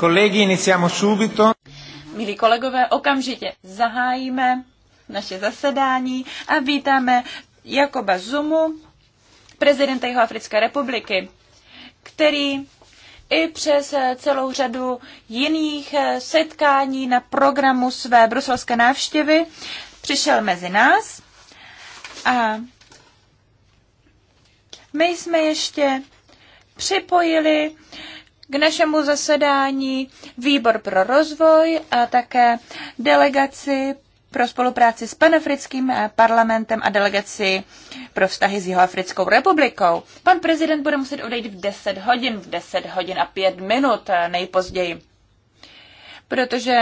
Kolegi, iniziamo subito. Milí kolegové, okamžitě zahájíme naše zasedání a vítáme Jakoba Zumu, prezidenta Jihoafrické republiky, který i přes celou řadu jiných setkání na programu své bruselské návštěvy přišel mezi nás a my jsme ještě připojili k našemu zasedání výbor pro rozvoj a také delegaci pro spolupráci s panafrickým eh, parlamentem a delegaci pro vztahy s Jihoafrickou republikou. Pan prezident bude muset odejít v 10 hodin, v 10 hodin a 5 minut eh, nejpozději, protože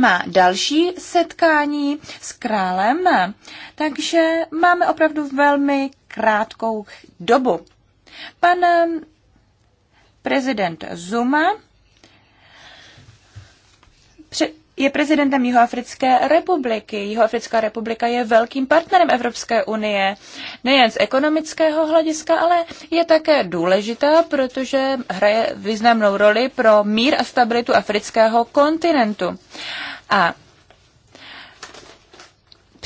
má další setkání s králem, eh, takže máme opravdu velmi krátkou dobu. Pan prezident Zuma je prezidentem Jihoafrické republiky. Jihoafrická republika je velkým partnerem Evropské unie, nejen z ekonomického hlediska, ale je také důležitá, protože hraje významnou roli pro mír a stabilitu afrického kontinentu. A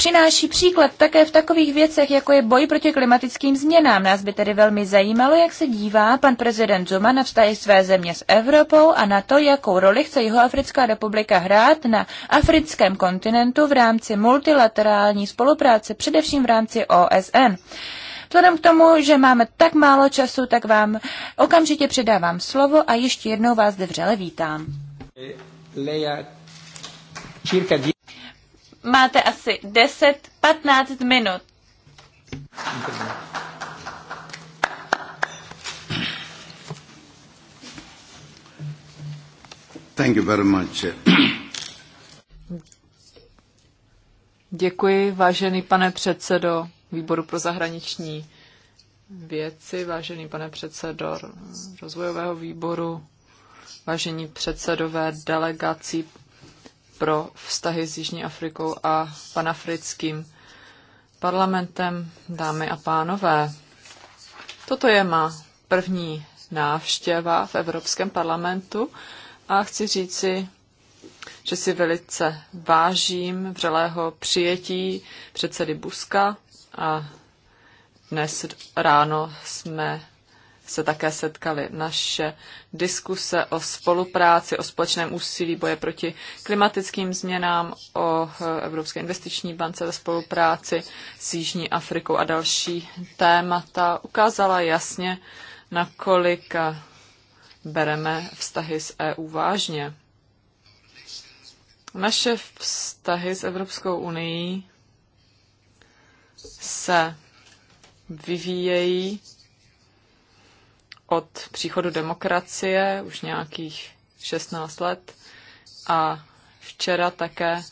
přináší příklad také v takových věcech, jako je boj proti klimatickým změnám. Nás by tedy velmi zajímalo, jak se dívá pan prezident Zuma na vztahy své země s Evropou a na to, jakou roli chce Jihoafrická republika hrát na africkém kontinentu v rámci multilaterální spolupráce, především v rámci OSN. Vzhledem k tomu, že máme tak málo času, tak vám okamžitě předávám slovo a ještě jednou vás zde vřele vítám. Lea, máte asi 10-15 minut. Thank you very much. Děkuji, vážený pane předsedo výboru pro zahraniční věci, vážený pane předsedo rozvojového výboru, vážení předsedové delegací pro vztahy s Jižní Afrikou a panafrickým parlamentem, dámy a pánové. Toto je má první návštěva v Evropském parlamentu a chci říci, že si velice vážím vřelého přijetí předsedy Buska a dnes ráno jsme se také setkali. Naše diskuse o spolupráci, o společném úsilí boje proti klimatickým změnám, o Evropské investiční bance ve spolupráci s Jižní Afrikou a další témata ukázala jasně, nakolik bereme vztahy s EU vážně. Naše vztahy s Evropskou unii se vyvíjejí od příchodu demokracie už nějakých 16 let a včera také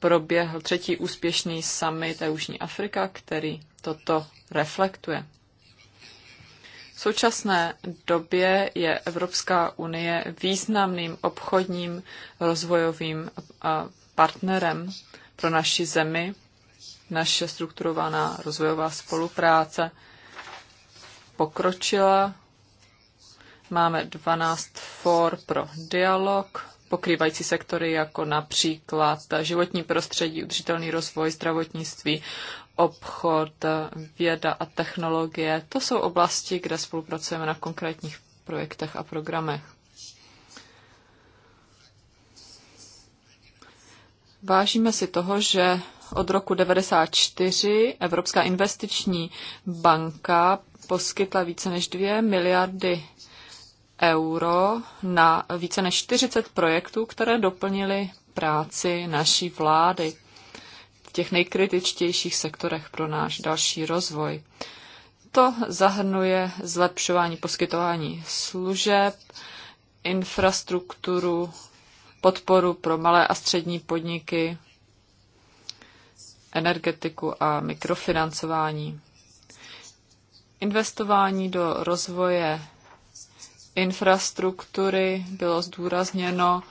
proběhl třetí úspěšný summit Jižní Afrika, který toto reflektuje. V současné době je Evropská unie významným obchodním rozvojovým partnerem pro naši zemi, naše strukturovaná rozvojová spolupráce pokročila Máme 12 for pro dialog, pokrývající sektory jako například životní prostředí, udržitelný rozvoj, zdravotnictví, obchod, věda a technologie. To jsou oblasti, kde spolupracujeme na konkrétních projektech a programech. Vážíme si toho, že od roku 1994 Evropská investiční banka poskytla více než 2 miliardy euro na více než 40 projektů, které doplnily práci naší vlády v těch nejkritičtějších sektorech pro náš další rozvoj. To zahrnuje zlepšování poskytování služeb, infrastrukturu, podporu pro malé a střední podniky, energetiku a mikrofinancování. Investování do rozvoje infrastruktury bylo zdůrazněno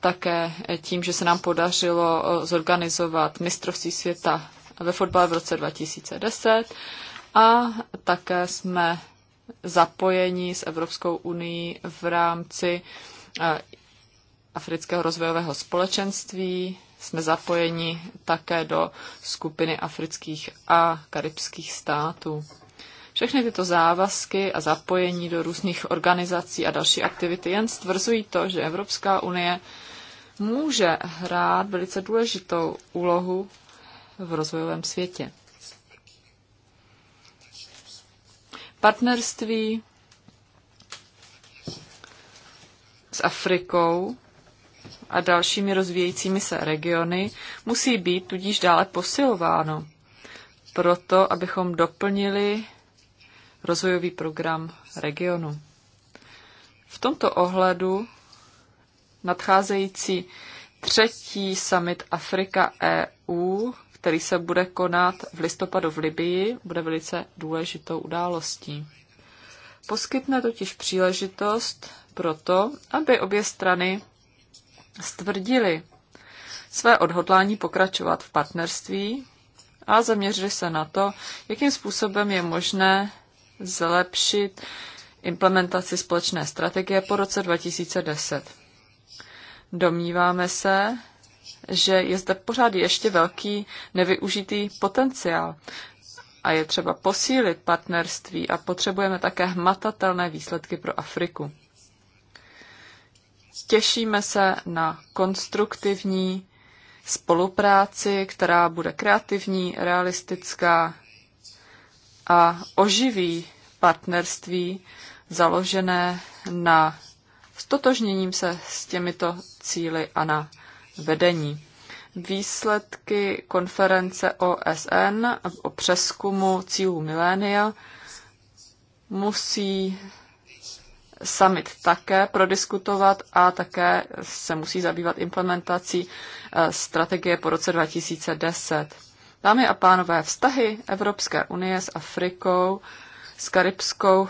také tím, že se nám podařilo eh, zorganizovat mistrovství světa ve fotbale v roce 2010 a také jsme zapojeni s Evropskou unii v rámci eh, Afrického rozvojového společenství. Jsme zapojeni také do skupiny afrických a karibských států. Všechny tyto závazky a zapojení do různých organizací a další aktivity jen stvrzují to, že Evropská unie může hrát velice důležitou úlohu v rozvojovém světě. Partnerství s Afrikou a dalšími rozvíjejícími se regiony musí být tudíž dále posilováno, proto abychom doplnili rozvojový program regionu. V tomto ohledu nadcházející třetí summit Afrika EU, který se bude konat v listopadu v Libii, bude velice důležitou událostí. Poskytne totiž příležitost pro to, aby obě strany stvrdily své odhodlání pokračovat v partnerství a zaměřili se na to, jakým způsobem je možné zlepšit implementaci společné strategie po roce 2010. Domníváme se, že je zde pořád ještě velký nevyužitý potenciál a je třeba posílit partnerství a potřebujeme také hmatatelné výsledky pro Afriku. Těšíme se na konstruktivní spolupráci, která bude kreativní, realistická a oživí partnerství založené na stotožněním se s těmito cíly a na vedení. Výsledky konference OSN o přeskumu cílů milénia musí summit také prodiskutovat a také se musí zabývat implementací eh, strategie po roce 2010. Dámy a pánové, vztahy Evropské unie s Afrikou, s karibskou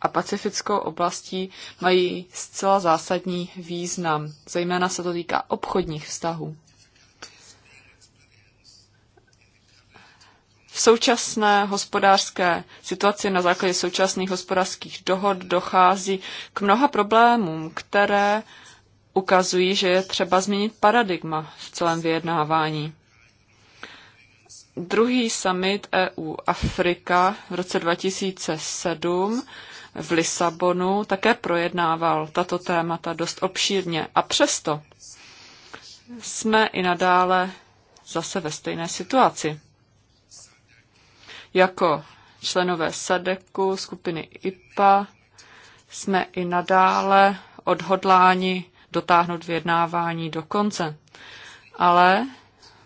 a pacifickou oblastí mají zcela zásadní význam. Zejména se to týká obchodních vztahů. V současné hospodářské situaci na základě současných hospodářských dohod dochází k mnoha problémům, které ukazují, že je třeba změnit paradigma v celém vyjednávání druhý summit EU-Afrika v roce 2007 v Lisabonu také projednával tato témata dost obšírně. A přesto jsme i nadále zase ve stejné situaci. Jako členové SADEKu, skupiny IPA, jsme i nadále odhodláni dotáhnout vyjednávání do konce. Ale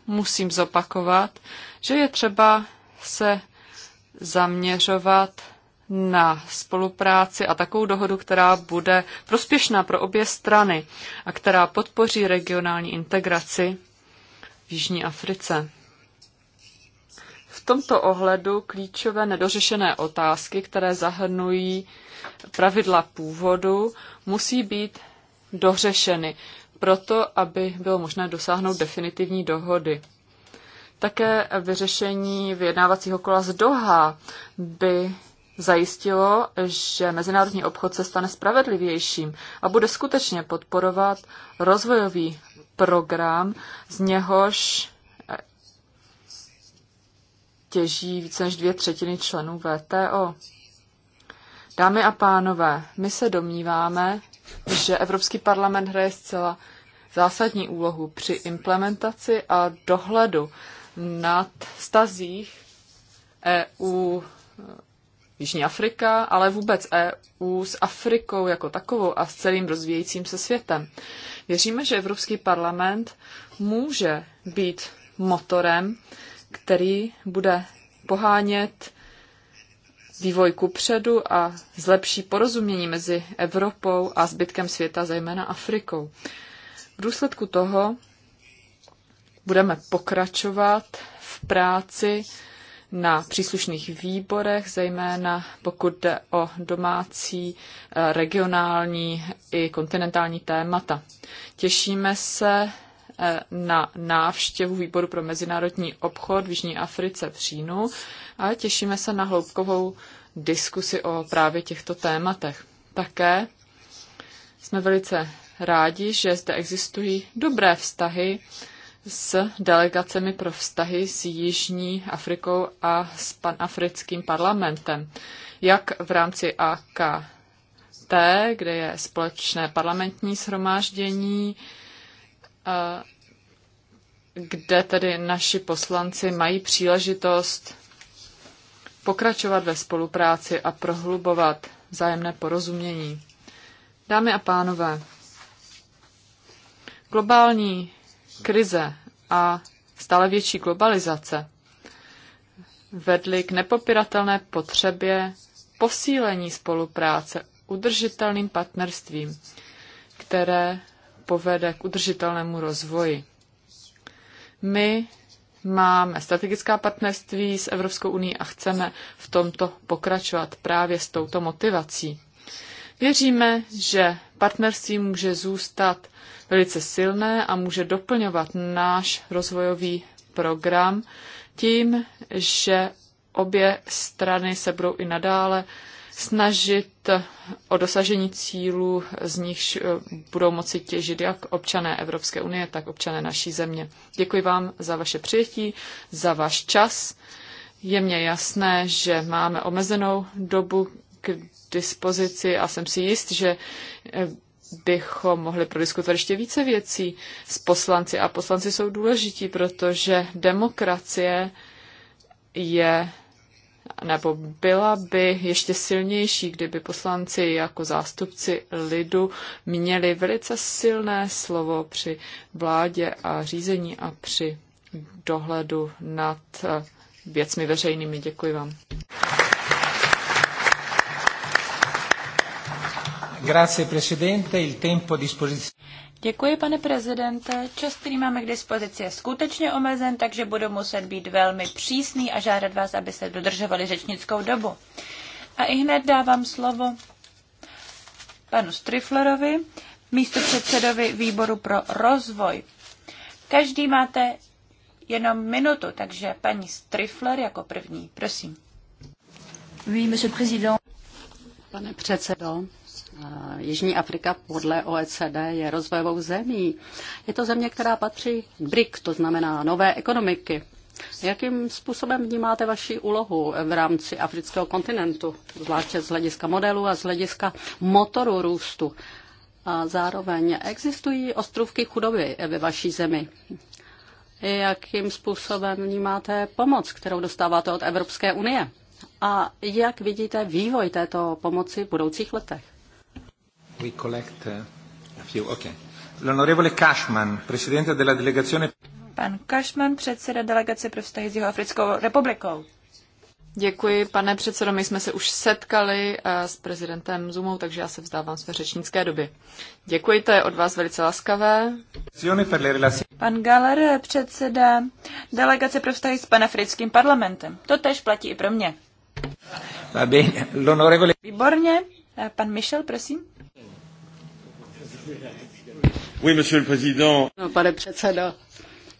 musím zopakovat, že je třeba se zaměřovat na spolupráci a takovou dohodu, která bude prospěšná pro obě strany a která podpoří regionální integraci v Jižní Africe. V tomto ohledu klíčové nedořešené otázky, které zahrnují pravidla původu, musí být dořešeny proto, aby bylo možné dosáhnout definitivní dohody. Také vyřešení vyjednávacího kola z Doha by zajistilo, že mezinárodní obchod se stane spravedlivějším a bude skutečně podporovat rozvojový program, z něhož eh, těží více než dvě třetiny členů VTO. Dámy a pánové, my se domníváme, že Evropský parlament hraje zcela zásadní úlohu při implementaci a dohledu nad stazích EU eh, Jižní Afrika, ale vůbec EU s Afrikou jako takovou a s celým rozvíjejícím se světem. Věříme, že Evropský parlament může být motorem, který bude pohánět vývoj ku předu a zlepší porozumění mezi Evropou a zbytkem světa, zejména Afrikou. V důsledku toho Budeme pokračovat v práci na příslušných výborech, zejména pokud jde o domácí, eh, regionální i kontinentální témata. Těšíme se eh, na návštěvu výboru pro mezinárodní obchod v Jižní Africe v říjnu a těšíme se na hloubkovou diskusi o právě těchto tématech. Také jsme velice rádi, že zde existují dobré vztahy s delegacemi pro vztahy s Jižní Afrikou a s panafrickým parlamentem, jak v rámci AKT, kde je společné parlamentní shromáždění, kde tedy naši poslanci mají příležitost pokračovat ve spolupráci a prohlubovat vzájemné porozumění. Dámy a pánové, globální krize a stále větší globalizace vedly k nepopiratelné potřebě posílení spolupráce udržitelným partnerstvím, které povede k udržitelnému rozvoji. My máme strategická partnerství s Evropskou uní a chceme v tomto pokračovat právě s touto motivací. Věříme, že partnerství může zůstat velice silné a může doplňovat náš rozvojový program tím, že obě strany se budou i nadále snažit o dosažení cílů, z nichž eh, budou moci těžit jak občané Evropské unie, tak občané naší země. Děkuji vám za vaše přijetí, za váš čas. Je mně jasné, že máme omezenou dobu k dispozici a jsem si jist, že eh, bychom mohli prodiskutovat ještě více věcí s poslanci. A poslanci jsou důležití, protože demokracie je nebo byla by ještě silnější, kdyby poslanci jako zástupci lidu měli velice silné slovo při vládě a řízení a při dohledu nad eh, věcmi veřejnými. Děkuji vám. Grazie, presidente. Il tempo disposizione. Děkuji, pane prezidente. Čas, který máme k dispozici, je skutečně omezen, takže budu muset být velmi přísný a žádat vás, aby se dodržovali řečnickou dobu. A i hned dávám slovo panu Striflerovi, místo předsedovi výboru pro rozvoj. Každý máte jenom minutu, takže paní Strifler jako první, prosím. Oui, monsieur président. Pane předsedo, Eh, Jižní Afrika podle OECD je rozvojovou zemí. Je to země, která patří BRIC, to znamená nové ekonomiky. Jakým způsobem vnímáte vaši úlohu v rámci afrického kontinentu, zvláště z hlediska modelu a z hlediska motoru růstu? A zároveň existují ostrovky chudoby ve vaší zemi. Jakým způsobem vnímáte pomoc, kterou dostáváte od Evropské unie? A jak vidíte vývoj této pomoci v budoucích letech? We collect uh, a few. Okay. L'onorevole Cashman, presidente della delegazione... Pan Cashman, předseda delegace pro vztahy s Jihoafrickou republikou. Děkuji, pane předsedo. My jsme se už setkali eh, s prezidentem Zumou, takže já se vzdávám své řečnické doby. Děkuji, to je od vás velice laskavé. Pan Galer, předseda delegace pro vztahy s panafrickým parlamentem. To tež platí i pro mě. Výborně. Eh, pan Michel, prosím. Oui, monsieur le président. No, pane předsedo,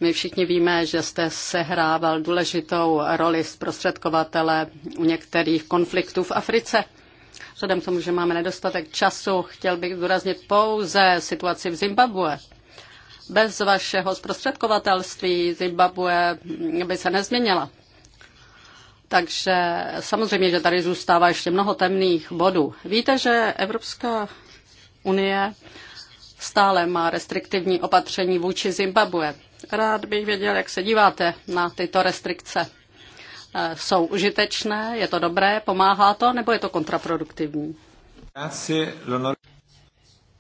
my všichni víme, že jste sehrával důležitou roli zprostředkovatele u některých konfliktů v Africe. Vzhledem k tomu, že máme nedostatek času, chtěl bych zdůraznit pouze situaci v Zimbabwe. Bez vašeho zprostředkovatelství Zimbabwe by se nezměnila. Takže samozřejmě, že tady zůstává ještě mnoho temných bodů. Víte, že Evropská unie stále má restriktivní opatření vůči Zimbabwe. Rád bych věděl, jak se díváte na tyto restrikce. Eh, jsou užitečné, je to dobré, pomáhá to, nebo je to kontraproduktivní?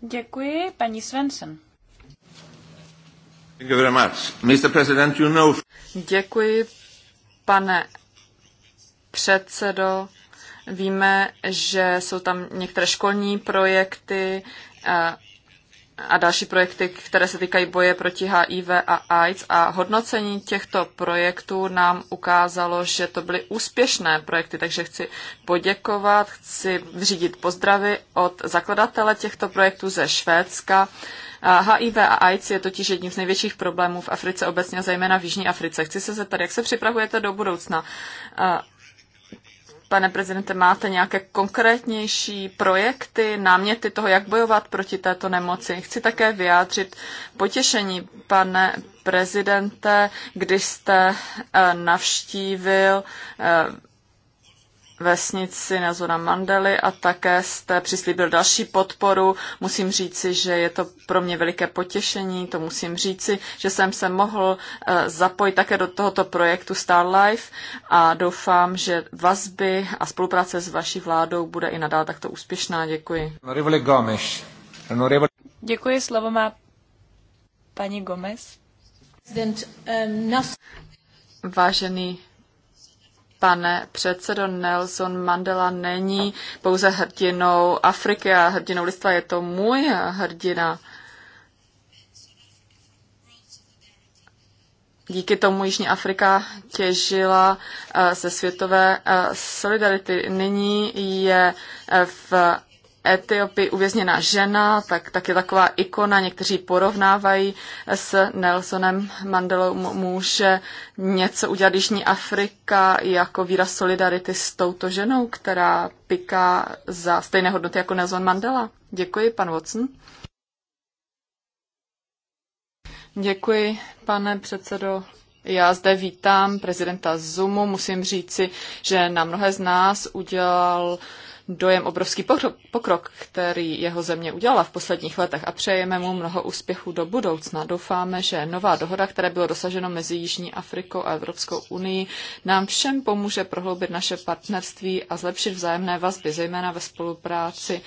Děkuji, paní Svensson. Děkuji, pane předsedo. Víme, že jsou tam některé školní projekty, eh, a další projekty, které se týkají boje proti HIV a AIDS. A hodnocení těchto projektů nám ukázalo, že to byly úspěšné projekty, takže chci poděkovat, chci vřídit pozdravy od zakladatele těchto projektů ze Švédska. HIV a AIDS je totiž jedním z největších problémů v Africe obecně, zejména v Jižní Africe. Chci se zeptat, jak se připravujete do budoucna? Pane prezidente, máte nějaké konkrétnější projekty, náměty toho, jak bojovat proti této nemoci? Chci také vyjádřit potěšení, pane prezidente, když jste eh, navštívil eh, vesnici Nazora Mandely a také jste přislíbil další podporu. Musím říci, že je to pro mě veliké potěšení, to musím říci, že jsem se mohl eh, zapojit také do tohoto projektu Starlife a doufám, že vazby a spolupráce s vaší vládou bude i nadále takto úspěšná. Děkuji. Děkuji, slovo má paní Gomez. Eh, Vážený Pane předsedo, Nelson Mandela není pouze hrdinou Afriky a hrdinou lidstva, je to můj hrdina. Díky tomu Jižní Afrika těžila eh, ze světové eh, solidarity. Nyní je eh, v Etiopii uvězněná žena, tak, tak je taková ikona, někteří porovnávají s Nelsonem Mandelou, může něco udělat Jižní Afrika jako výraz solidarity s touto ženou, která piká za stejné hodnoty jako Nelson Mandela. Děkuji, pan Watson. Děkuji, pane předsedo. Já zde vítám prezidenta Zumu. Musím říci, že na mnohé z nás udělal dojem obrovský pokrok, který jeho země udělala v posledních letech a přejeme mu mnoho úspěchů do budoucna. Doufáme, že nová dohoda, které bylo dosaženo mezi Jižní Afrikou a Evropskou unii, nám všem pomůže prohloubit naše partnerství a zlepšit vzájemné vazby, zejména ve spolupráci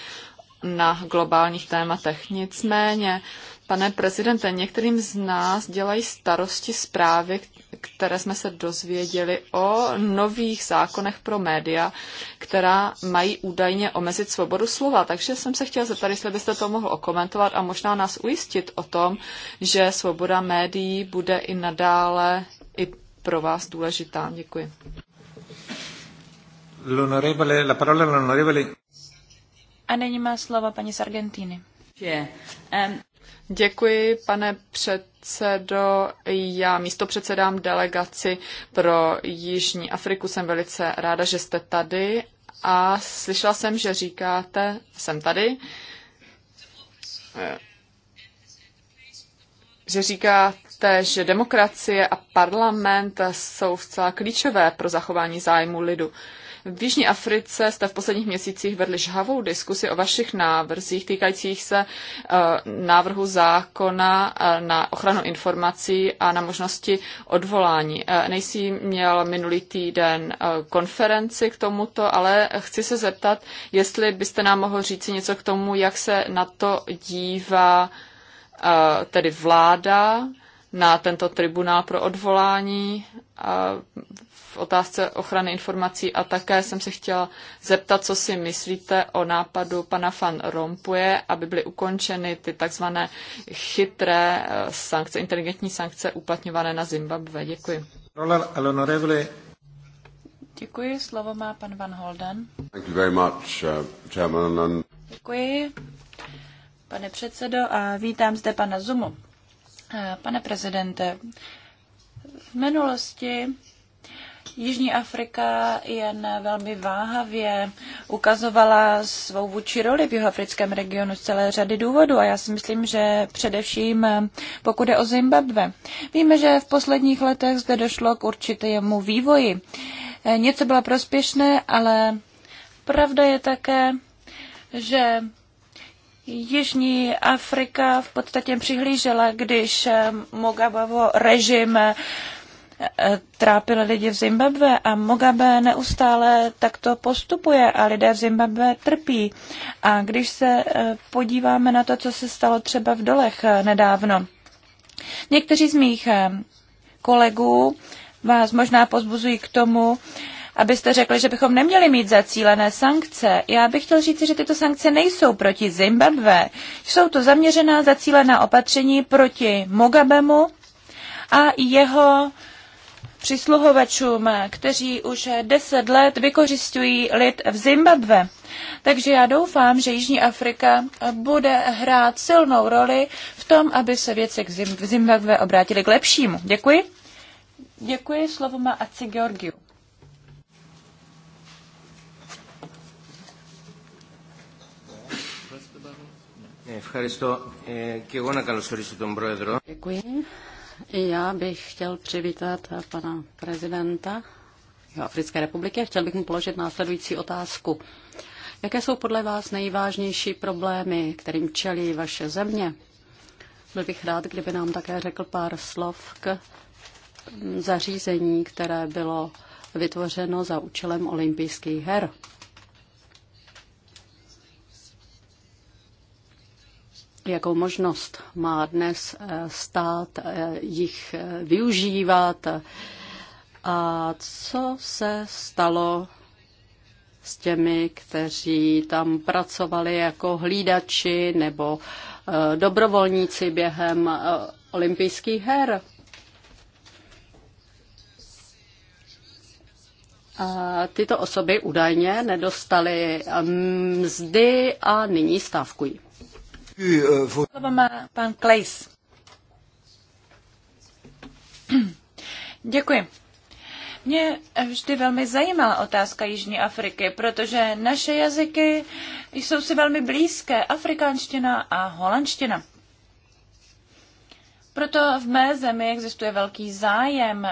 na globálních tématech. Nicméně, pane prezidente, některým z nás dělají starosti zprávy, které jsme se dozvěděli o nových zákonech pro média, která mají údajně omezit svobodu slova. Takže jsem se chtěla zeptat, jestli byste to mohl okomentovat a možná nás ujistit o tom, že svoboda médií bude i nadále i pro vás důležitá. Děkuji. A nyní má slova paní Sargentini. Yeah. Um... Děkuji, pane předsedo. Já místo předsedám delegaci pro Jižní Afriku. Jsem velice ráda, že jste tady a slyšela jsem, že říkáte, jsem tady, eh, že říkáte, že demokracie a parlament jsou zcela klíčové pro zachování zájmu lidu. V Jižní Africe jste v posledních měsících vedli žhavou diskusi o vašich návrzích týkajících se eh, návrhu zákona eh, na ochranu informací a na možnosti odvolání. Eh, nejsi měl minulý týden konferenci k tomuto, ale chci se zeptat, jestli byste nám mohl říci něco k tomu, jak se na to dívá tedy vláda, na tento tribunál pro odvolání v otázce ochrany informací a také jsem se chtěla zeptat, co si myslíte o nápadu pana Van Rompuje, aby byly ukončeny ty takzvané chytré eh, sankce, inteligentní sankce uplatňované na Zimbabwe. Děkuji. Děkuji, slovo má pan Van Holden. Thank you very much, uh, chairman Děkuji, pane předsedo, a vítám zde pana Zumu. Eh, pane prezidente, v minulosti Jižní Afrika jen velmi váhavě ukazovala svou vůči roli v jihoafrickém regionu z celé řady důvodů a já si myslím, že především eh, pokud je o Zimbabwe. Víme, že v posledních letech zde došlo k určitému vývoji. Eh, něco bylo prospěšné, ale pravda je také, že Jižní Afrika v podstatě přihlížela, když eh, Mugabevo režim trápil lidi v Zimbabwe a Mugabe neustále takto postupuje a lidé v Zimbabwe trpí. A když se eh, podíváme na to, co se stalo třeba v dolech eh, nedávno, někteří z mých eh, kolegů vás možná pozbuzují k tomu, abyste řekli, že bychom neměli mít zacílené sankce. Já bych chtěl říct, že tyto sankce nejsou proti Zimbabwe. Jsou to zaměřená zacílená opatření proti Mugabemu a jeho přisluhovačům, kteří už deset let vykořišťují lid v Zimbabve. Takže já doufám, že Jižní Afrika bude hrát silnou roli v tom, aby se věci v Zimbabve obrátily k lepšímu. Děkuji. Děkuji, slovo má Aci Georgiu. Děkuji. I já bych chtěl přivítat pana prezidenta Africké republiky a chtěl bych mu položit následující otázku. Jaké jsou podle vás nejvážnější problémy, kterým čelí vaše země? Byl bych rád, kdyby nám také řekl pár slov k zařízení, které bylo vytvořeno za účelem olympijských her. jakou možnost má dnes eh, stát eh, jich eh, využívat a co se stalo s těmi, kteří tam pracovali jako hlídači nebo dobrovolníci během olympijských her. A tyto osoby údajně nedostaly mzdy a nyní stávkují. Slovo má pan Klejs. Děkuji. Mě vždy velmi zajímala otázka Jižní Afriky, protože naše jazyky jsou si velmi blízké, afrikánština a holandština. Proto v mé zemi existuje velký zájem,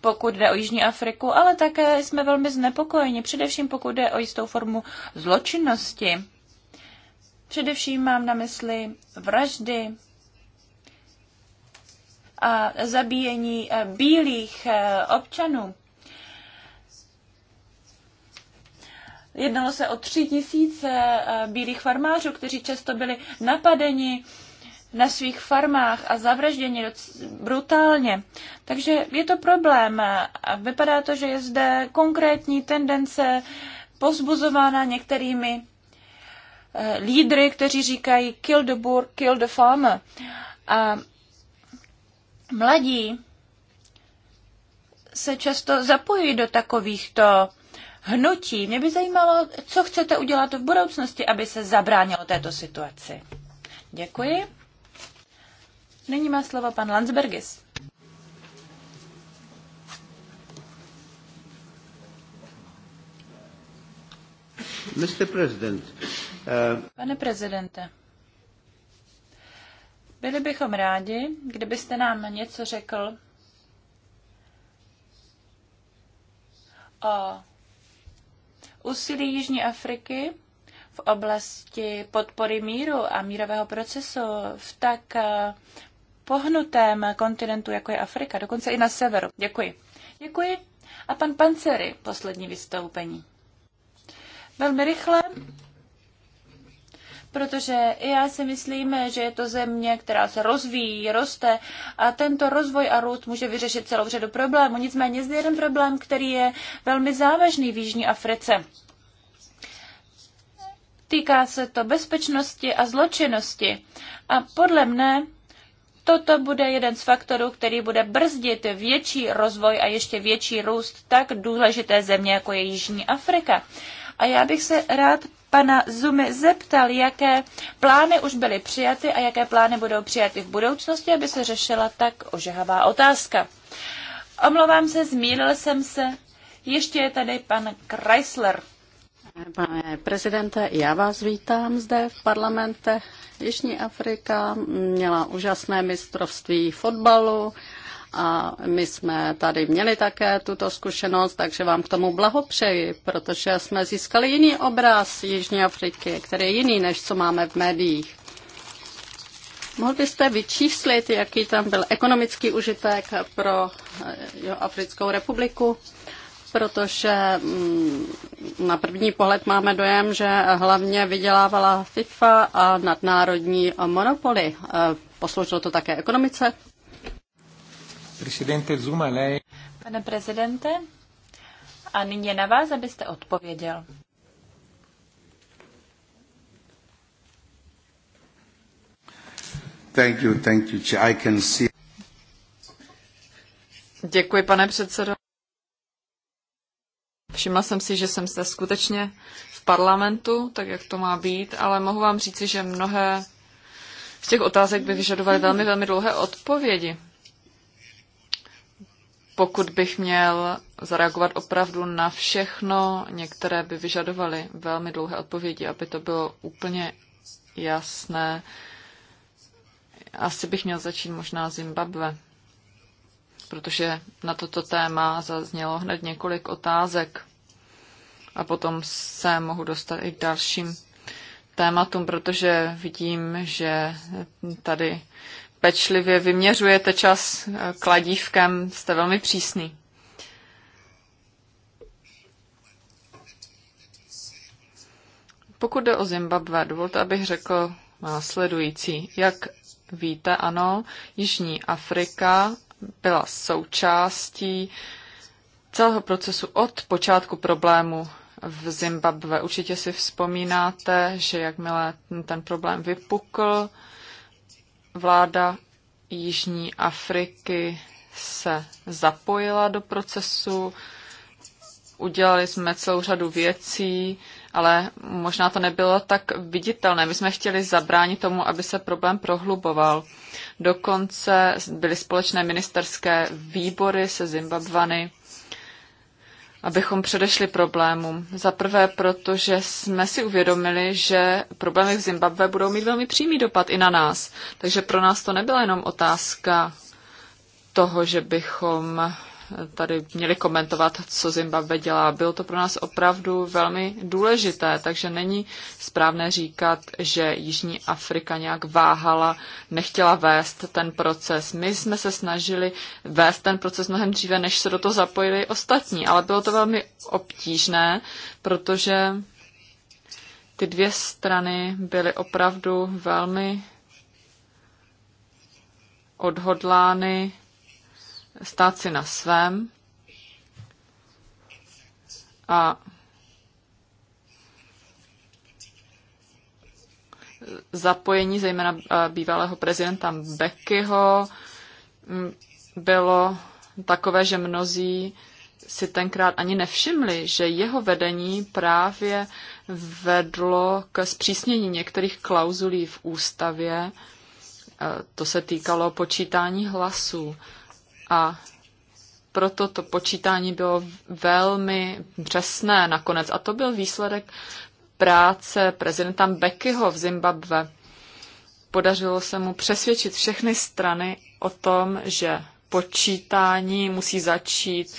pokud jde o Jižní Afriku, ale také jsme velmi znepokojeni, především pokud jde o jistou formu zločinnosti Především mám na mysli vraždy a zabíjení eh, bílých eh, občanů. Jednalo se o tři tisíce eh, bílých farmářů, kteří často byli napadeni na svých farmách a zavražděni brutálně. Takže je to problém. A vypadá to, že je zde konkrétní tendence pozbuzována některými Eh, lídry, kteří říkají kill the boor, kill the farmer. A mladí se často zapojí do takovýchto hnutí. Mě by zajímalo, co chcete udělat v budoucnosti, aby se zabránilo této situaci. Děkuji. Nyní má slovo pan Landsbergis. Mr. President, Pane prezidente, byli bychom rádi, kdybyste nám něco řekl o úsilí Jižní Afriky v oblasti podpory míru a mírového procesu v tak eh, pohnutém kontinentu, jako je Afrika, dokonce i na severu. Děkuji. Děkuji. A pan Pancery, poslední vystoupení. Velmi rychle, protože já si myslím, že je to země, která se rozvíjí, roste a tento rozvoj a růst může vyřešit celou řadu problémů. Nicméně zde jeden problém, který je velmi závažný v Jižní Africe. Týká se to bezpečnosti a zločinnosti. A podle mne toto bude jeden z faktorů, který bude brzdit větší rozvoj a ještě větší růst tak důležité země, jako je Jižní Afrika. A já bych se rád pana Zumy zeptal, jaké plány už byly přijaty a jaké plány budou přijaty v budoucnosti, aby se řešila tak ožehavá otázka. Omlouvám se, zmílil jsem se. Ještě je tady pan Chrysler. Pane prezidente, já vás vítám zde v parlamente. Jižní Afrika měla úžasné mistrovství fotbalu a my jsme tady měli také tuto zkušenost, takže vám k tomu blahopřeji, protože jsme získali jiný obraz Jižní Afriky, který je jiný, než co máme v médiích. Mohl byste vyčíslit, jaký tam byl ekonomický užitek pro eh, jo, Africkou republiku? protože mm, na první pohled máme dojem, že hlavně vydělávala FIFA a nadnárodní monopoly. Eh, posloužilo to také ekonomice? Presidente Zuma, lei... Pane prezidente, a nyní je na vás, abyste odpověděl. Thank you, thank you. I can see... Děkuji, pane předsedo. Všimla jsem si, že jsem zde skutečně v parlamentu, tak jak to má být, ale mohu vám říci, že mnohé z těch otázek by vyžadovaly velmi, velmi dlouhé odpovědi pokud bych měl zareagovat opravdu na všechno, některé by vyžadovaly velmi dlouhé odpovědi, aby to bylo úplně jasné. Asi bych měl začít možná Zimbabwe, protože na toto téma zaznělo hned několik otázek a potom se mohu dostat i k dalším tématům, protože vidím, že tady pečlivě vyměřujete čas eh, kladívkem, jste velmi přísný. Pokud jde o Zimbabwe, dovolte, abych řekl následující. Jak víte, ano, Jižní Afrika byla součástí celého procesu od počátku problému v Zimbabwe. Určitě si vzpomínáte, že jakmile ten problém vypukl, Vláda Jižní Afriky se zapojila do procesu, udělali jsme celou řadu věcí, ale možná to nebylo tak viditelné. My jsme chtěli zabránit tomu, aby se problém prohluboval. Dokonce byly společné ministerské výbory se Zimbabvany abychom předešli problémům. Za prvé, protože jsme si uvědomili, že problémy v Zimbabwe budou mít velmi přímý dopad i na nás. Takže pro nás to nebyla jenom otázka toho, že bychom tady měli komentovat, co Zimbabwe dělá. Bylo to pro nás opravdu velmi důležité, takže není správné říkat, že Jižní Afrika nějak váhala, nechtěla vést ten proces. My jsme se snažili vést ten proces mnohem dříve, než se do toho zapojili ostatní, ale bylo to velmi obtížné, protože ty dvě strany byly opravdu velmi odhodlány stát si na svém a zapojení zejména eh, bývalého prezidenta Beckyho mm, bylo takové, že mnozí si tenkrát ani nevšimli, že jeho vedení právě vedlo k zpřísnění některých klauzulí v ústavě. Eh, to se týkalo počítání hlasů. A proto to počítání bylo velmi přesné nakonec. A to byl výsledek práce prezidenta Beckyho v Zimbabve. Podařilo se mu přesvědčit všechny strany o tom, že počítání musí začít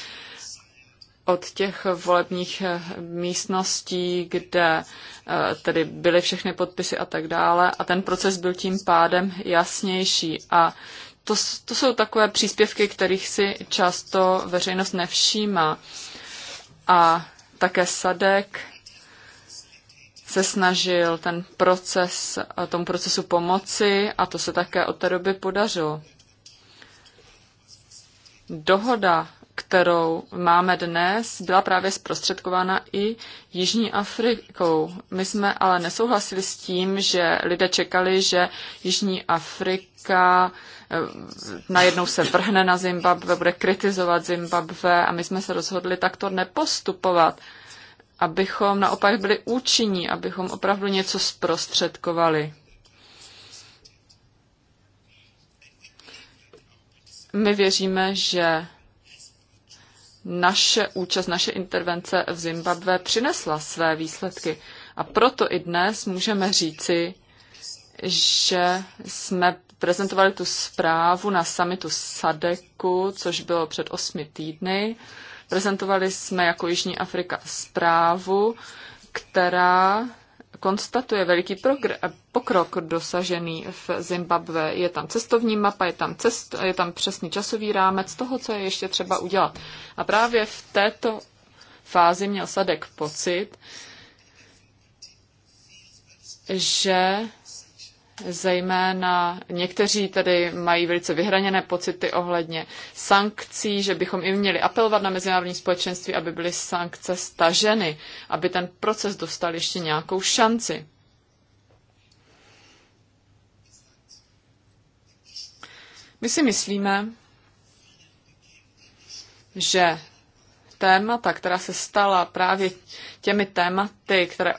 od těch volebních místností, kde eh, tedy byly všechny podpisy a tak dále. A ten proces byl tím pádem jasnější. A to, to jsou takové příspěvky, kterých si často veřejnost nevšímá. A také Sadek se snažil ten proces, tomu procesu pomoci a to se také od té doby podařilo. Dohoda, kterou máme dnes, byla právě zprostředkována i Jižní Afrikou. My jsme ale nesouhlasili s tím, že lidé čekali, že Jižní Afrika Eh, najednou se vrhne na Zimbabve bude kritizovat Zimbabve a my jsme se rozhodli takto nepostupovat, abychom naopak byli účinní, abychom opravdu něco zprostředkovali. My věříme, že naše účast, naše intervence v Zimbabve přinesla své výsledky. A proto i dnes můžeme říci, že jsme prezentovali tu zprávu na summitu SADEKu, což bylo před osmi týdny. Prezentovali jsme jako Jižní Afrika zprávu, která konstatuje veliký pokrok dosažený v Zimbabve. Je tam cestovní mapa, je tam, cest, je tam přesný časový rámec toho, co je ještě třeba udělat. A právě v této fázi měl Sadek pocit, že Zejména někteří tedy mají velice vyhraněné pocity ohledně sankcí, že bychom i měli apelovat na mezinárodní společenství, aby byly sankce staženy, aby ten proces dostal ještě nějakou šanci. My si myslíme, že témata, která se stala právě těmi tématy, které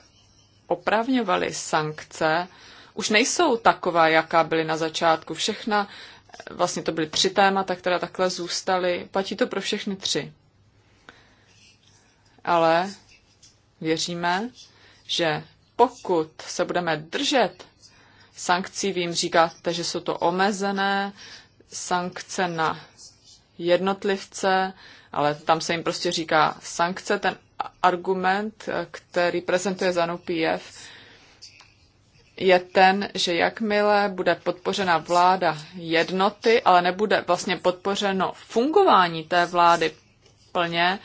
opravňovaly sankce, už nejsou taková, jaká byly na začátku. Všechna, vlastně to byly tři témata, která takhle zůstaly. Platí to pro všechny tři. Ale věříme, že pokud se budeme držet sankcí, vím, říkáte, že jsou to omezené sankce na jednotlivce, ale tam se jim prostě říká sankce. Ten argument, který prezentuje ZANU PF, je ten, že jakmile bude podpořena vláda jednoty, ale nebude vlastně podpořeno fungování té vlády plně,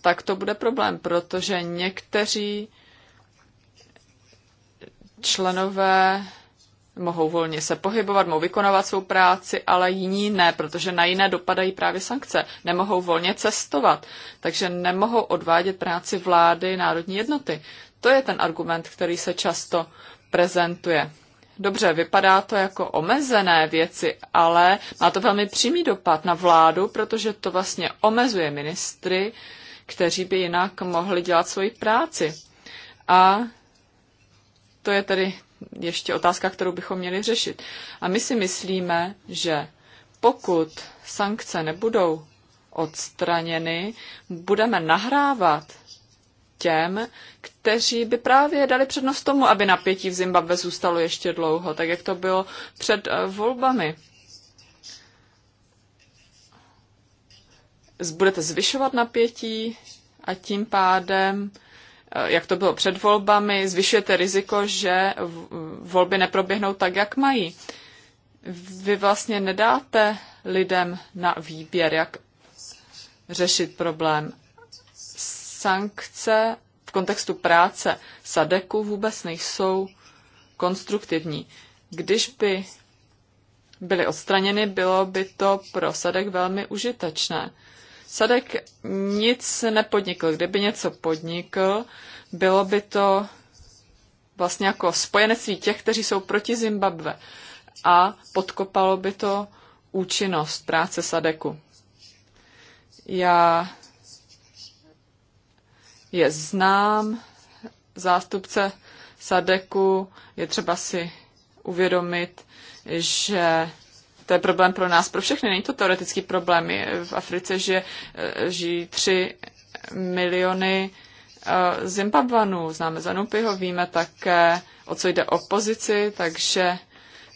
tak to bude problém, protože někteří členové mohou volně se pohybovat, mohou vykonávat svou práci, ale jiní ne, protože na jiné dopadají právě sankce. Nemohou volně cestovat, takže nemohou odvádět práci vlády národní jednoty. To je ten argument, který se často prezentuje. Dobře, vypadá to jako omezené věci, ale má to velmi přímý dopad na vládu, protože to vlastně omezuje ministry, kteří by jinak mohli dělat svoji práci. A to je tedy ještě otázka, kterou bychom měli řešit. A my si myslíme, že pokud sankce nebudou odstraněny, budeme nahrávat těm, kteří by právě dali přednost tomu, aby napětí v Zimbabve zůstalo ještě dlouho, tak jak to bylo před eh, volbami. Budete zvyšovat napětí a tím pádem eh, jak to bylo před volbami, zvyšujete riziko, že eh, volby neproběhnou tak, jak mají. Vy vlastně nedáte lidem na výběr, jak řešit problém sankce v kontextu práce Sadeku vůbec nejsou konstruktivní. Když by byly odstraněny, bylo by to pro Sadek velmi užitečné. Sadek nic nepodnikl. Kdyby něco podnikl, bylo by to vlastně jako spojenectví těch, kteří jsou proti Zimbabve a podkopalo by to účinnost práce Sadeku. Já je znám, zástupce Sadeku, je třeba si uvědomit, že to je problém pro nás, pro všechny. Není to teoretický problém. Je v Africe že eh, žijí tři miliony eh, Zimbabvanů. Známe Zanupiho, víme také, o co jde opozici, takže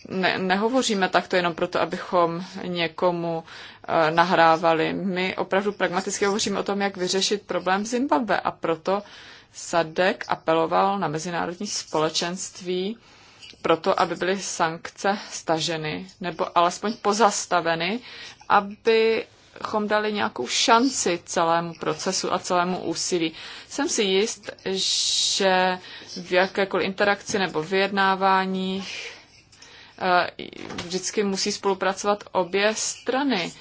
ne, nehovoříme takto jenom proto, abychom někomu Eh, nahrávali. My opravdu pragmaticky hovoříme o tom, jak vyřešit problém Zimbabwe a proto Sadek apeloval na mezinárodní společenství proto, aby byly sankce staženy nebo alespoň pozastaveny, aby chom dali nějakou šanci celému procesu a celému úsilí. Jsem si jist, že v jakékoliv interakci nebo vyjednáváních vždycky musí spolupracovat obě strany.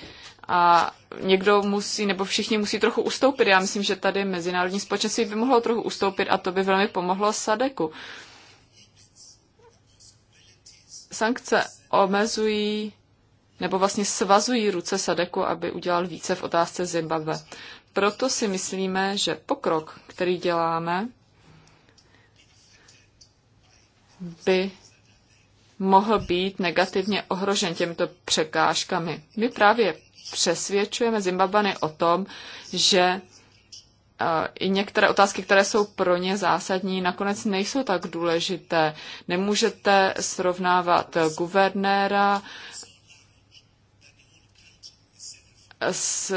A někdo musí, nebo všichni musí trochu ustoupit. Já myslím, že tady mezinárodní společenství by mohlo trochu ustoupit a to by velmi pomohlo Sadeku. Sankce omezují nebo vlastně svazují ruce Sadeku, aby udělal více v otázce Zimbabwe. Proto si myslíme, že pokrok, který děláme, by mohl být negativně ohrožen těmito překážkami. My právě přesvědčujeme Zimbabany o tom, že i některé otázky, které jsou pro ně zásadní, nakonec nejsou tak důležité. Nemůžete srovnávat guvernéra s,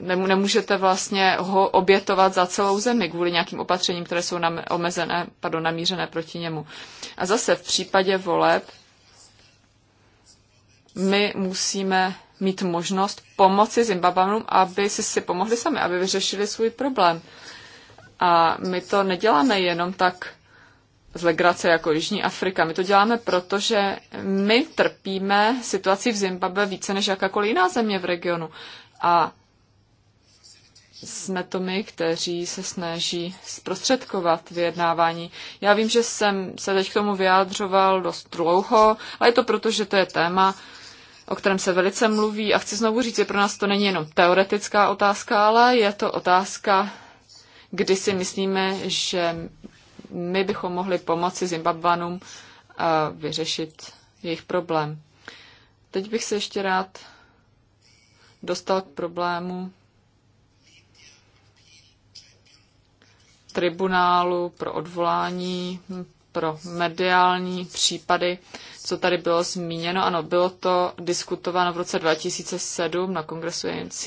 nemůžete vlastně ho obětovat za celou zemi kvůli nějakým opatřením, které jsou nam, omezené, pardon, namířené proti němu. A zase v případě voleb my musíme mít možnost pomoci Zimbabanům, aby si, si pomohli sami, aby vyřešili svůj problém. A my to neděláme jenom tak z legrace jako Jižní Afrika. My to děláme, protože my trpíme situací v Zimbabwe více než jakákoliv jiná země v regionu. A jsme to my, kteří se snaží zprostředkovat vyjednávání. Já vím, že jsem se teď k tomu vyjádřoval dost dlouho, ale je to proto, že to je téma, o kterém se velice mluví a chci znovu říct, že pro nás to není jenom teoretická otázka, ale je to otázka, kdy si myslíme, že my bychom mohli pomoci Zimbabvanům eh, vyřešit jejich problém. Teď bych se ještě rád dostal k problému tribunálu pro odvolání, pro mediální případy, co tady bylo zmíněno. Ano, bylo to diskutováno v roce 2007 na kongresu ANC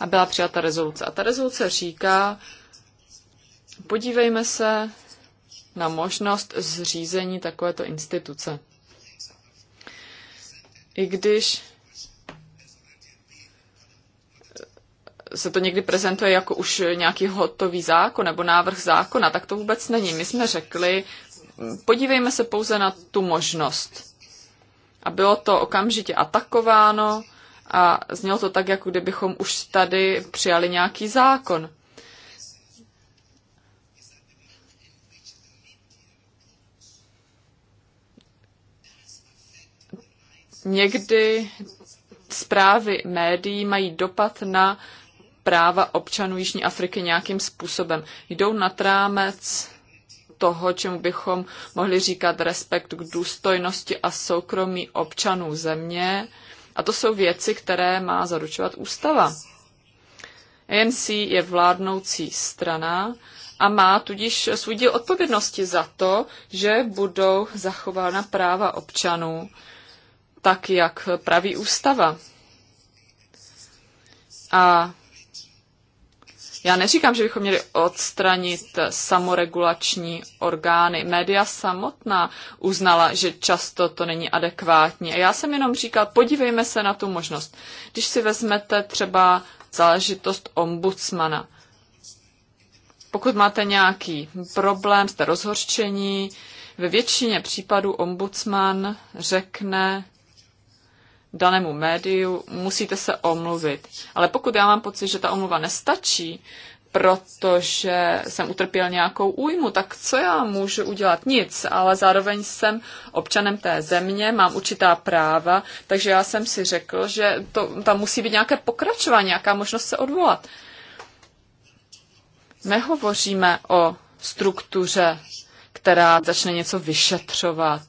a byla přijata rezoluce. A ta rezoluce říká, podívejme se na možnost zřízení takovéto instituce. I když se to někdy prezentuje jako už nějaký hotový zákon nebo návrh zákona, tak to vůbec není. My jsme řekli, podívejme se pouze na tu možnost. A bylo to okamžitě atakováno a znělo to tak, jako kdybychom už tady přijali nějaký zákon. Někdy zprávy médií mají dopad na práva občanů Jižní Afriky nějakým způsobem. Jdou na trámec toho, čemu bychom mohli říkat respekt k důstojnosti a soukromí občanů země. A to jsou věci, které má zaručovat ústava. ANC je vládnoucí strana a má tudíž svůj díl odpovědnosti za to, že budou zachována práva občanů tak, jak praví ústava. A já neříkám, že bychom měli odstranit samoregulační orgány. Média samotná uznala, že často to není adekvátní. A já jsem jenom říkal, podívejme se na tu možnost. Když si vezmete třeba záležitost ombudsmana, pokud máte nějaký problém, jste rozhorčení, ve většině případů ombudsman řekne, danému médiu, musíte se omluvit. Ale pokud já mám pocit, že ta omluva nestačí, protože jsem utrpěl nějakou újmu, tak co já můžu udělat? Nic, ale zároveň jsem občanem té země, mám určitá práva, takže já jsem si řekl, že to, tam musí být nějaké pokračování, nějaká možnost se odvolat. Nehovoříme o struktuře, která začne něco vyšetřovat.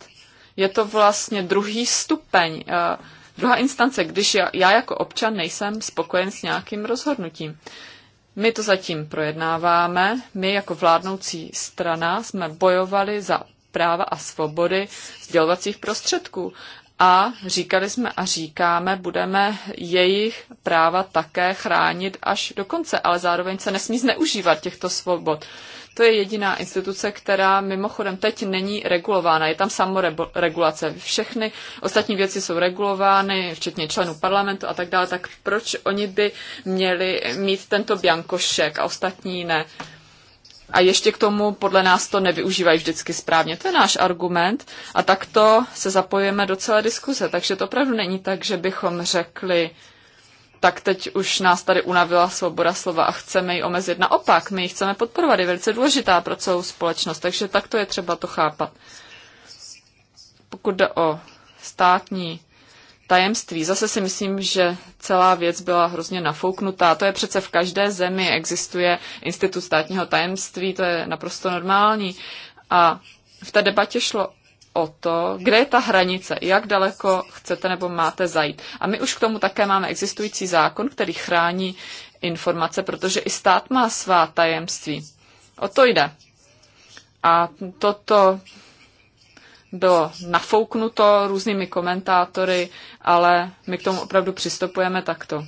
Je to vlastně druhý stupeň. Uh, Druhá instance, když já, já jako občan nejsem spokojen s nějakým rozhodnutím. My to zatím projednáváme. My jako vládnoucí strana jsme bojovali za práva a svobody sdělovacích prostředků. A říkali jsme a říkáme, budeme jejich práva také chránit až do konce, ale zároveň se nesmí zneužívat těchto svobod. To je jediná instituce, která mimochodem teď není regulována. Je tam samoregulace. Všechny ostatní věci jsou regulovány, včetně členů parlamentu a tak dále. Tak proč oni by měli mít tento biankošek a ostatní ne? A ještě k tomu podle nás to nevyužívají vždycky správně. To je náš argument a takto se zapojujeme do celé diskuze. Takže to opravdu není tak, že bychom řekli, tak teď už nás tady unavila svoboda slova a chceme ji omezit. Naopak, my ji chceme podporovat, je velice důležitá pro celou společnost, takže takto je třeba to chápat. Pokud jde o státní tajemství, zase si myslím, že celá věc byla hrozně nafouknutá. To je přece v každé zemi, existuje institut státního tajemství, to je naprosto normální. A v té debatě šlo o to, kde je ta hranice, jak daleko chcete nebo máte zajít. A my už k tomu také máme existující zákon, který chrání informace, protože i stát má svá tajemství. O to jde. A toto bylo nafouknuto různými komentátory, ale my k tomu opravdu přistupujeme takto.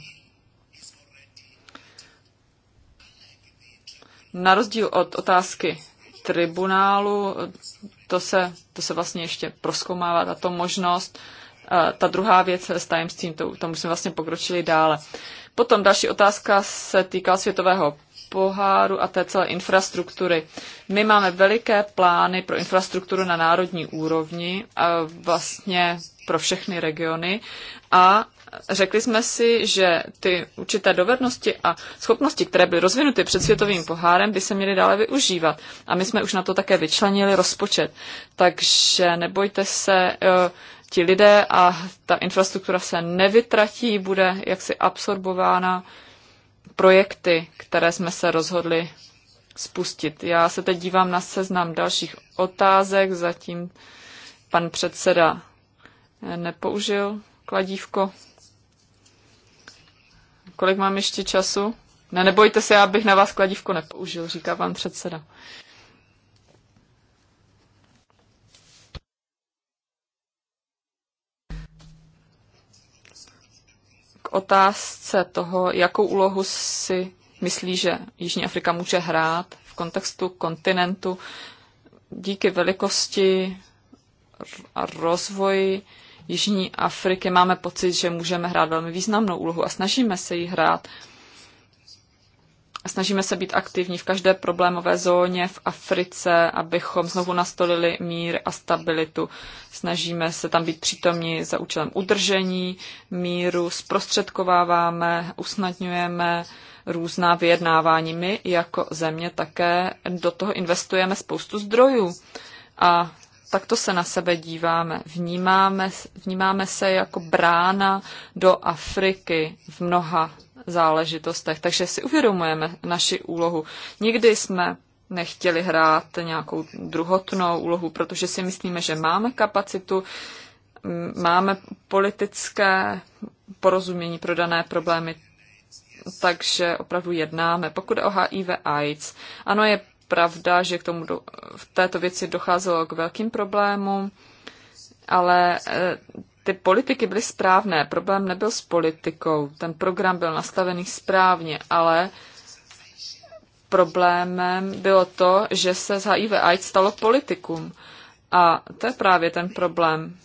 Na rozdíl od otázky tribunálu. To se, to se vlastně ještě proskoumává, tato možnost. Ta druhá věc s tajemstvím, to, to jsme vlastně pokročili dále. Potom další otázka se týká světového poháru a té celé infrastruktury. My máme veliké plány pro infrastrukturu na národní úrovni, vlastně pro všechny regiony a řekli jsme si, že ty určité dovednosti a schopnosti, které byly rozvinuty před světovým pohárem, by se měly dále využívat. A my jsme už na to také vyčlenili rozpočet. Takže nebojte se, eh, ti lidé a ta infrastruktura se nevytratí, bude jaksi absorbována projekty, které jsme se rozhodli spustit. Já se teď dívám na seznam dalších otázek, zatím pan předseda nepoužil kladívko. Kolik mám ještě času? Ne, nebojte se, já bych na vás kladívko nepoužil, říká pan předseda. K otázce toho, jakou úlohu si myslí, že Jižní Afrika může hrát v kontextu kontinentu díky velikosti a rozvoji Jižní Afriky máme pocit, že můžeme hrát velmi významnou úlohu a snažíme se ji hrát. Snažíme se být aktivní v každé problémové zóně v Africe, abychom znovu nastolili mír a stabilitu. Snažíme se tam být přítomní za účelem udržení míru, zprostředkováváme, usnadňujeme různá vyjednávání. My jako země také do toho investujeme spoustu zdrojů a takto se na sebe díváme. Vnímáme, vnímáme se jako brána do Afriky v mnoha záležitostech, takže si uvědomujeme naši úlohu. Nikdy jsme nechtěli hrát nějakou druhotnou úlohu, protože si myslíme, že máme kapacitu, máme politické porozumění pro dané problémy, takže opravdu jednáme. Pokud o HIV AIDS, ano, je pravda, že k tomu do, v této věci docházelo k velkým problémům, ale e, ty politiky byly správné. Problém nebyl s politikou. Ten program byl nastavený správně, ale problémem bylo to, že se z HIV AIDS stalo politikum. A to je právě ten problém.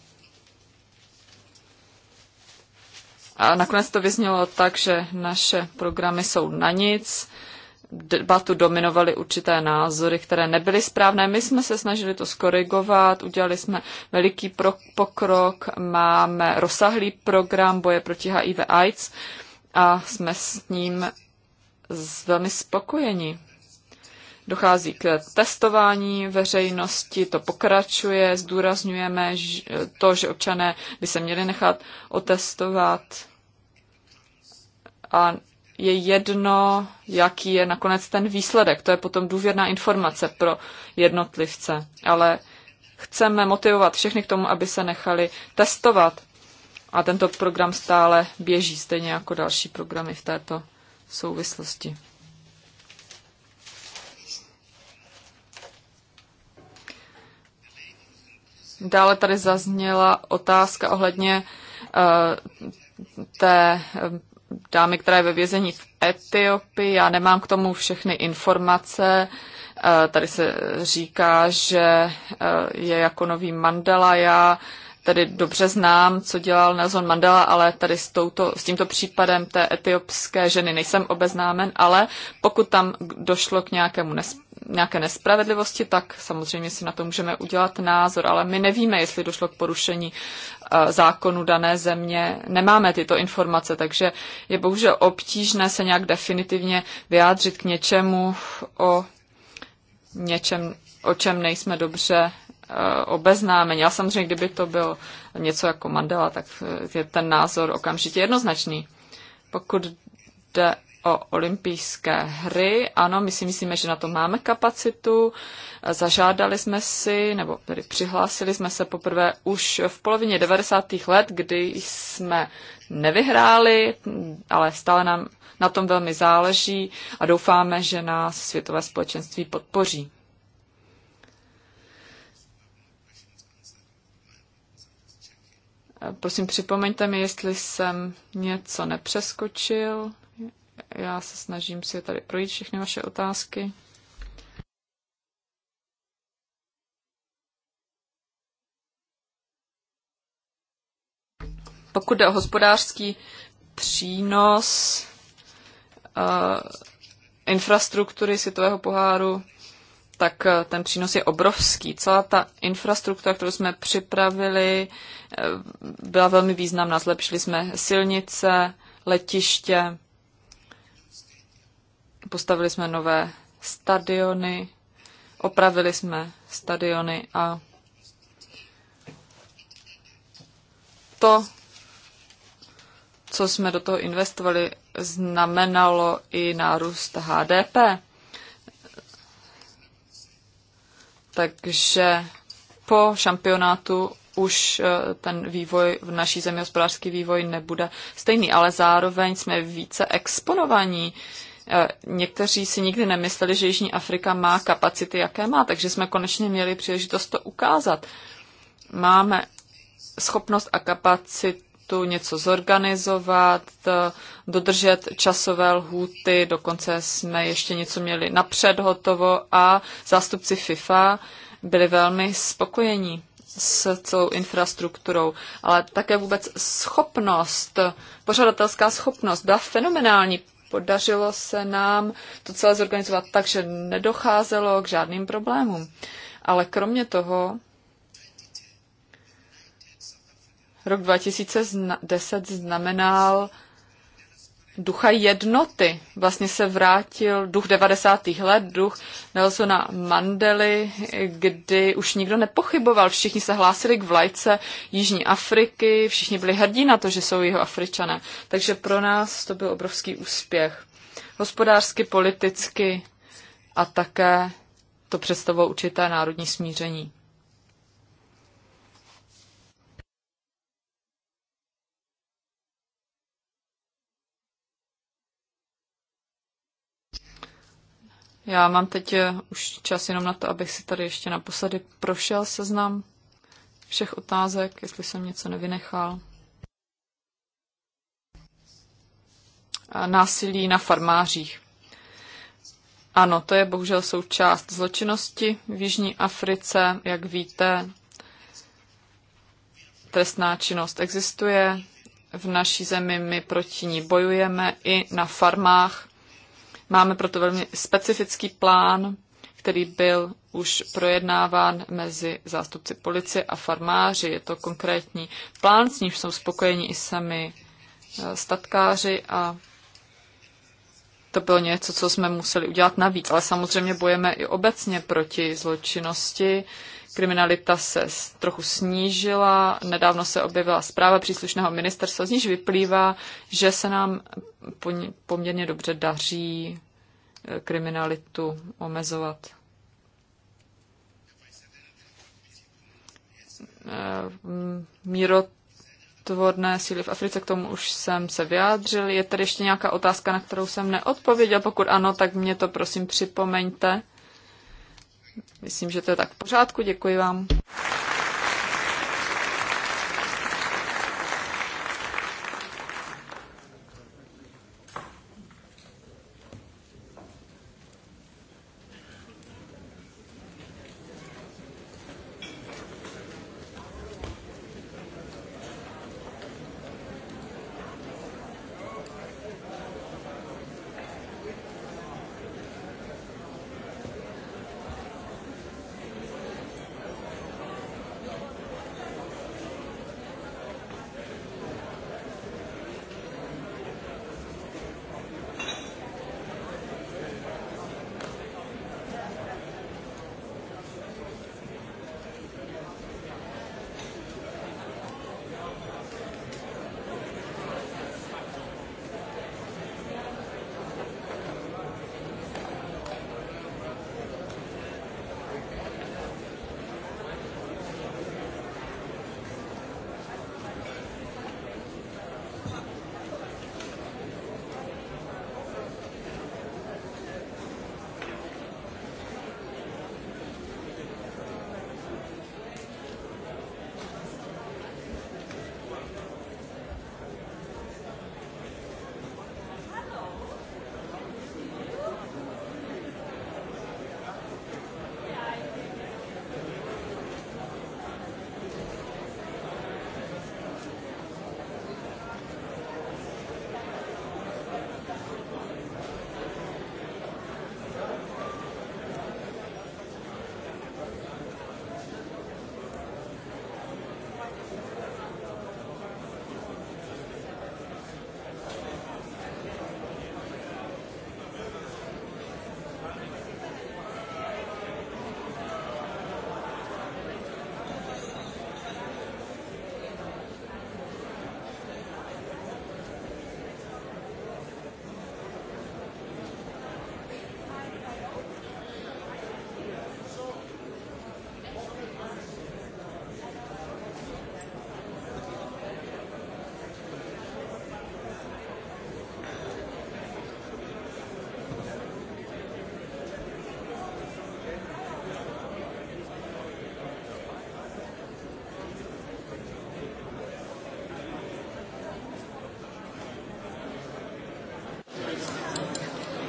A nakonec to vyznělo tak, že naše programy jsou na nic, debatu dominovaly určité názory, které nebyly správné. My jsme se snažili to skorigovat, udělali jsme veliký pro, pokrok, máme rozsáhlý program boje proti HIV AIDS a jsme s ním velmi spokojeni. Dochází k testování veřejnosti, to pokračuje, zdůrazňujeme to, že občané by se měli nechat otestovat a je jedno, jaký je nakonec ten výsledek. To je potom důvěrná informace pro jednotlivce. Ale chceme motivovat všechny k tomu, aby se nechali testovat. A tento program stále běží, stejně jako další programy v této souvislosti. Dále tady zazněla otázka ohledně eh, té eh, dámy, která je ve vězení v Etiopii. Já nemám k tomu všechny informace. Eh, tady se říká, že eh, je jako nový Mandela. Já tady dobře znám, co dělal Nelson Mandela, ale tady s, touto, s tímto případem té etiopské ženy nejsem obeznámen, ale pokud tam došlo k nějakému nes, nějaké nespravedlivosti, tak samozřejmě si na to můžeme udělat názor, ale my nevíme, jestli došlo k porušení zákonu dané země nemáme tyto informace, takže je bohužel obtížné se nějak definitivně vyjádřit k něčemu o něčem, o čem nejsme dobře e, obeznámeni. Já samozřejmě, kdyby to byl něco jako Mandela, tak e, je ten názor okamžitě jednoznačný. Pokud jde o olympijské hry. Ano, my si myslíme, že na to máme kapacitu. Zažádali jsme si, nebo tedy přihlásili jsme se poprvé už v polovině 90. let, kdy jsme nevyhráli, ale stále nám na tom velmi záleží a doufáme, že nás světové společenství podpoří. Prosím, připomeňte mi, jestli jsem něco nepřeskočil. Já se snažím si tady projít všechny vaše otázky. Pokud jde o hospodářský přínos uh, infrastruktury světového poháru, tak eh, ten přínos je obrovský. Celá ta infrastruktura, kterou jsme připravili, eh, byla velmi významná. Zlepšili jsme silnice, letiště, Postavili jsme nové stadiony, opravili jsme stadiony a to, co jsme do toho investovali, znamenalo i nárůst HDP. Takže po šampionátu už eh, ten vývoj v naší zemi, hospodářský vývoj nebude stejný, ale zároveň jsme více exponovaní Eh, někteří si nikdy nemysleli, že Jižní Afrika má kapacity, jaké má, takže jsme konečně měli příležitost to ukázat. Máme schopnost a kapacitu něco zorganizovat, eh, dodržet časové lhůty, dokonce jsme ještě něco měli napřed hotovo a zástupci FIFA byli velmi spokojení s celou infrastrukturou, ale také vůbec schopnost, pořadatelská schopnost byla fenomenální podařilo se nám to celé zorganizovat tak, že nedocházelo k žádným problémům. Ale kromě toho, rok 2010 znamenal ducha jednoty. Vlastně se vrátil duch 90. let, duch Nelsona Mandely, kdy už nikdo nepochyboval. Všichni se hlásili k vlajce Jižní Afriky, všichni byli hrdí na to, že jsou jeho Afričané. Takže pro nás to byl obrovský úspěch. Hospodářsky, politicky a také to představovalo určité národní smíření. Já mám teď eh, už čas jenom na to, abych si tady ještě naposledy prošel seznam všech otázek, jestli jsem něco nevynechal. A násilí na farmářích. Ano, to je bohužel součást zločinnosti v Jižní Africe, jak víte. Trestná činnost existuje, v naší zemi my proti ní bojujeme i na farmách Máme proto velmi specifický plán, který byl už projednáván mezi zástupci policie a farmáři. Je to konkrétní plán, s nímž jsou spokojeni i sami e, statkáři a to bylo něco, co jsme museli udělat navíc. Ale samozřejmě bojeme i obecně proti zločinnosti, kriminalita se trochu snížila. Nedávno se objevila zpráva příslušného ministerstva, z níž vyplývá, že se nám poměrně dobře daří eh, kriminalitu omezovat. Eh, Míro tvorné síly v Africe, k tomu už jsem se vyjádřil. Je tady ještě nějaká otázka, na kterou jsem neodpověděl? Pokud ano, tak mě to prosím připomeňte. Myslím, že to je tak v pořádku. Děkuji vám.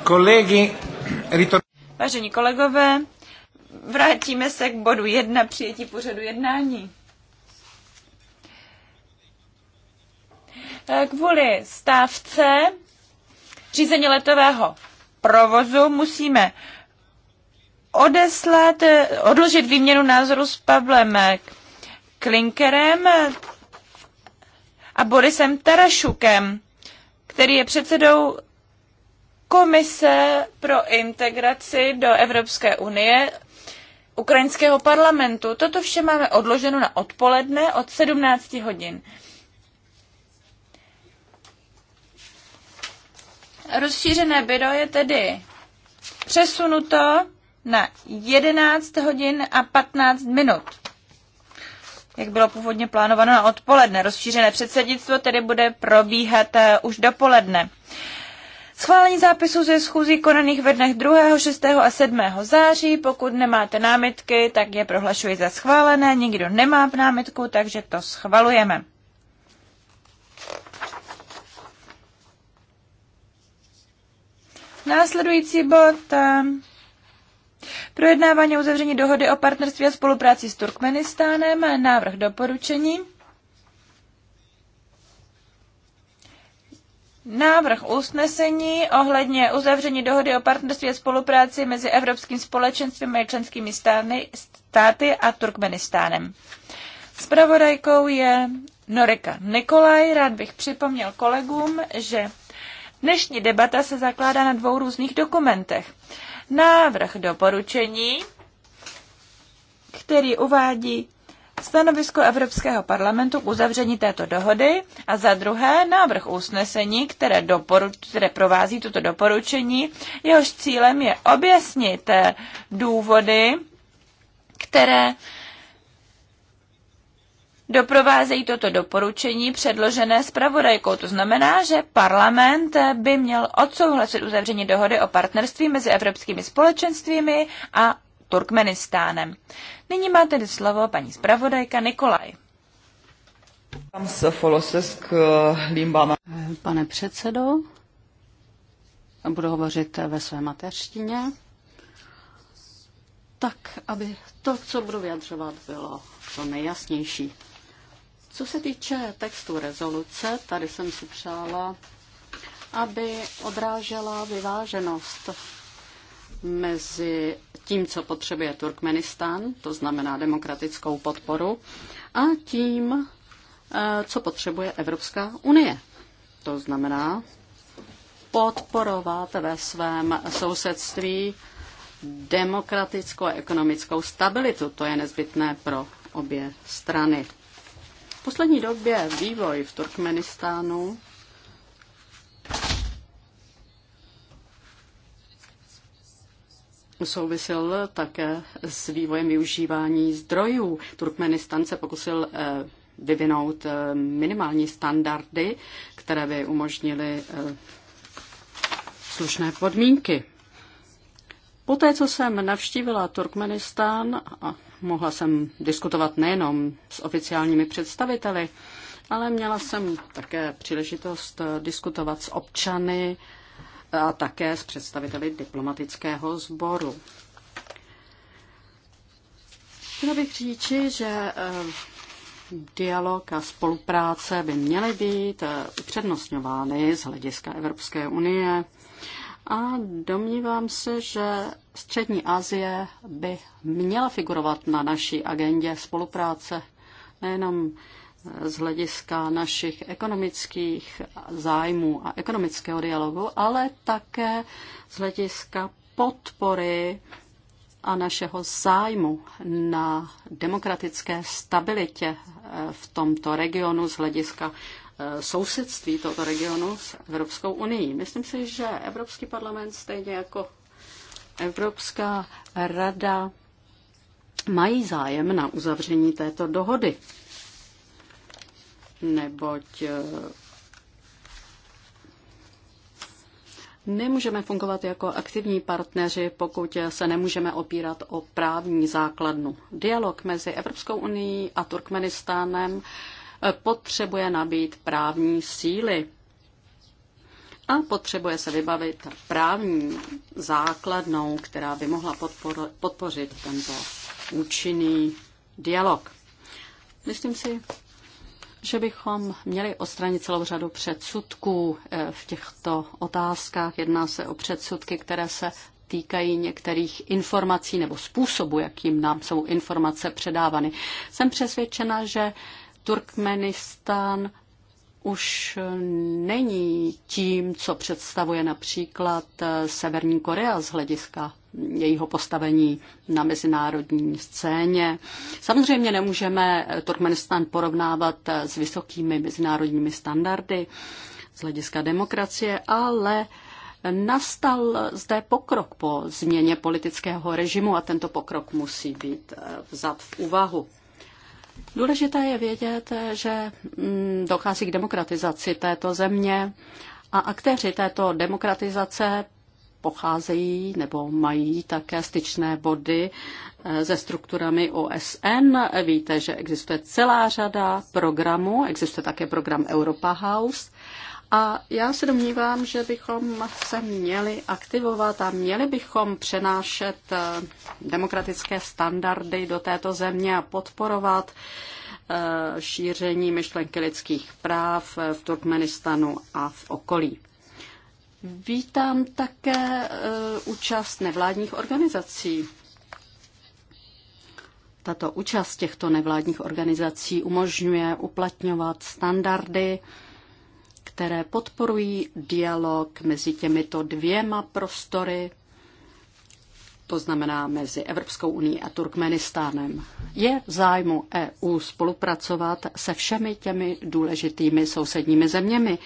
Kolegy, Vážení kolegové, vrátíme se k bodu jedna přijetí pořadu jednání. E, kvůli stávce řízení letového provozu musíme odeslat, e, odložit výměnu názoru s Pavlem Klinkerem a Borisem Tarašukem, který je předsedou Komise pro integraci do Evropské unie ukrajinského parlamentu. Toto vše máme odloženo na odpoledne od 17 hodin. Rozšířené bydlo je tedy přesunuto na 11 hodin a 15 minut. Jak bylo původně plánováno na odpoledne. Rozšířené předsednictvo tedy bude probíhat eh, už dopoledne. Schválení zápisu ze schůzí konaných ve dnech 2., 6. a 7. září. Pokud nemáte námitky, tak je prohlašuji za schválené. Nikdo nemá v námitku, takže to schvalujeme. Následující bod. Eh, projednávání uzavření dohody o partnerství a spolupráci s Turkmenistánem. Návrh doporučení. návrh usnesení ohledně uzavření dohody o partnerství a spolupráci mezi Evropským společenstvím a členskými stány, státy a Turkmenistánem. Spravodajkou je Norika Nikolaj. Rád bych připomněl kolegům, že dnešní debata se zakládá na dvou různých dokumentech. Návrh doporučení, který uvádí stanovisko Evropského parlamentu k uzavření této dohody a za druhé návrh usnesení, které, doporuč, které provází toto doporučení, jehož cílem je objasnit eh, důvody, které doprovázejí toto doporučení předložené zpravodajkou. To znamená, že parlament eh, by měl odsouhlasit uzavření dohody o partnerství mezi evropskými společenstvími a Turkmenistánem. Nyní má tedy slovo paní zpravodajka Nikolaj. Tam se eh, Pane předsedo, budu hovořit ve své mateřštině, tak, aby to, co budu vyjadřovat, bylo co nejjasnější. Co se týče textu rezoluce, tady jsem si přála, aby odrážela vyváženost mezi tím, co potřebuje Turkmenistán, to znamená demokratickou podporu, a tím, eh, co potřebuje Evropská unie. To znamená podporovat ve svém sousedství demokratickou a ekonomickou stabilitu. To je nezbytné pro obě strany. V poslední době vývoj v Turkmenistánu souvisel také s vývojem využívání zdrojů. Turkmenistan se pokusil eh, vyvinout eh, minimální standardy, které by umožnily eh, slušné podmínky. Poté, co jsem navštívila Turkmenistán a mohla jsem diskutovat nejenom s oficiálními představiteli, ale měla jsem také příležitost diskutovat s občany, a také s představiteli diplomatického sboru. Chtěla bych říci, že eh, dialog a spolupráce by měly být eh, upřednostňovány z hlediska Evropské unie a domnívám se, že Střední Asie by měla figurovat na naší agendě spolupráce nejenom z hlediska našich ekonomických zájmů a ekonomického dialogu, ale také z hlediska podpory a našeho zájmu na demokratické stabilitě eh, v tomto regionu z hlediska eh, sousedství tohoto regionu s Evropskou unii. Myslím si, že Evropský parlament stejně jako Evropská rada mají zájem na uzavření této dohody neboť eh, nemůžeme fungovat jako aktivní partneři, pokud se nemůžeme opírat o právní základnu. Dialog mezi Evropskou unii a Turkmenistánem eh, potřebuje nabít právní síly a potřebuje se vybavit právní základnou, která by mohla podpořit tento účinný dialog. Myslím si, že bychom měli odstranit celou řadu předsudků eh, v těchto otázkách. Jedná se o předsudky, které se týkají některých informací nebo způsobu, jakým nám jsou informace předávány. Jsem přesvědčena, že Turkmenistán už není tím, co představuje například eh, Severní Korea z hlediska jejího postavení na mezinárodní scéně. Samozřejmě nemůžeme eh, Turkmenistán porovnávat eh, s vysokými mezinárodními standardy z hlediska demokracie, ale nastal zde pokrok po změně politického režimu a tento pokrok musí být vzat v úvahu. Důležité je vědět, že mm, dochází k demokratizaci této země a aktéři této demokratizace pocházejí nebo mají také styčné body se eh, strukturami OSN. Víte, že existuje celá řada programů, existuje také program Europa House a já se domnívám, že bychom se měli aktivovat a měli bychom přenášet eh, demokratické standardy do této země a podporovat eh, šíření myšlenky lidských práv eh, v Turkmenistanu a v okolí. Vítám také účast nevládních organizací. Tato účast těchto nevládních organizací umožňuje uplatňovat standardy, které podporují dialog mezi těmito dvěma prostory, to znamená mezi Evropskou unii a Turkmenistánem. Je v zájmu EU spolupracovat se všemi těmi důležitými sousedními zeměmi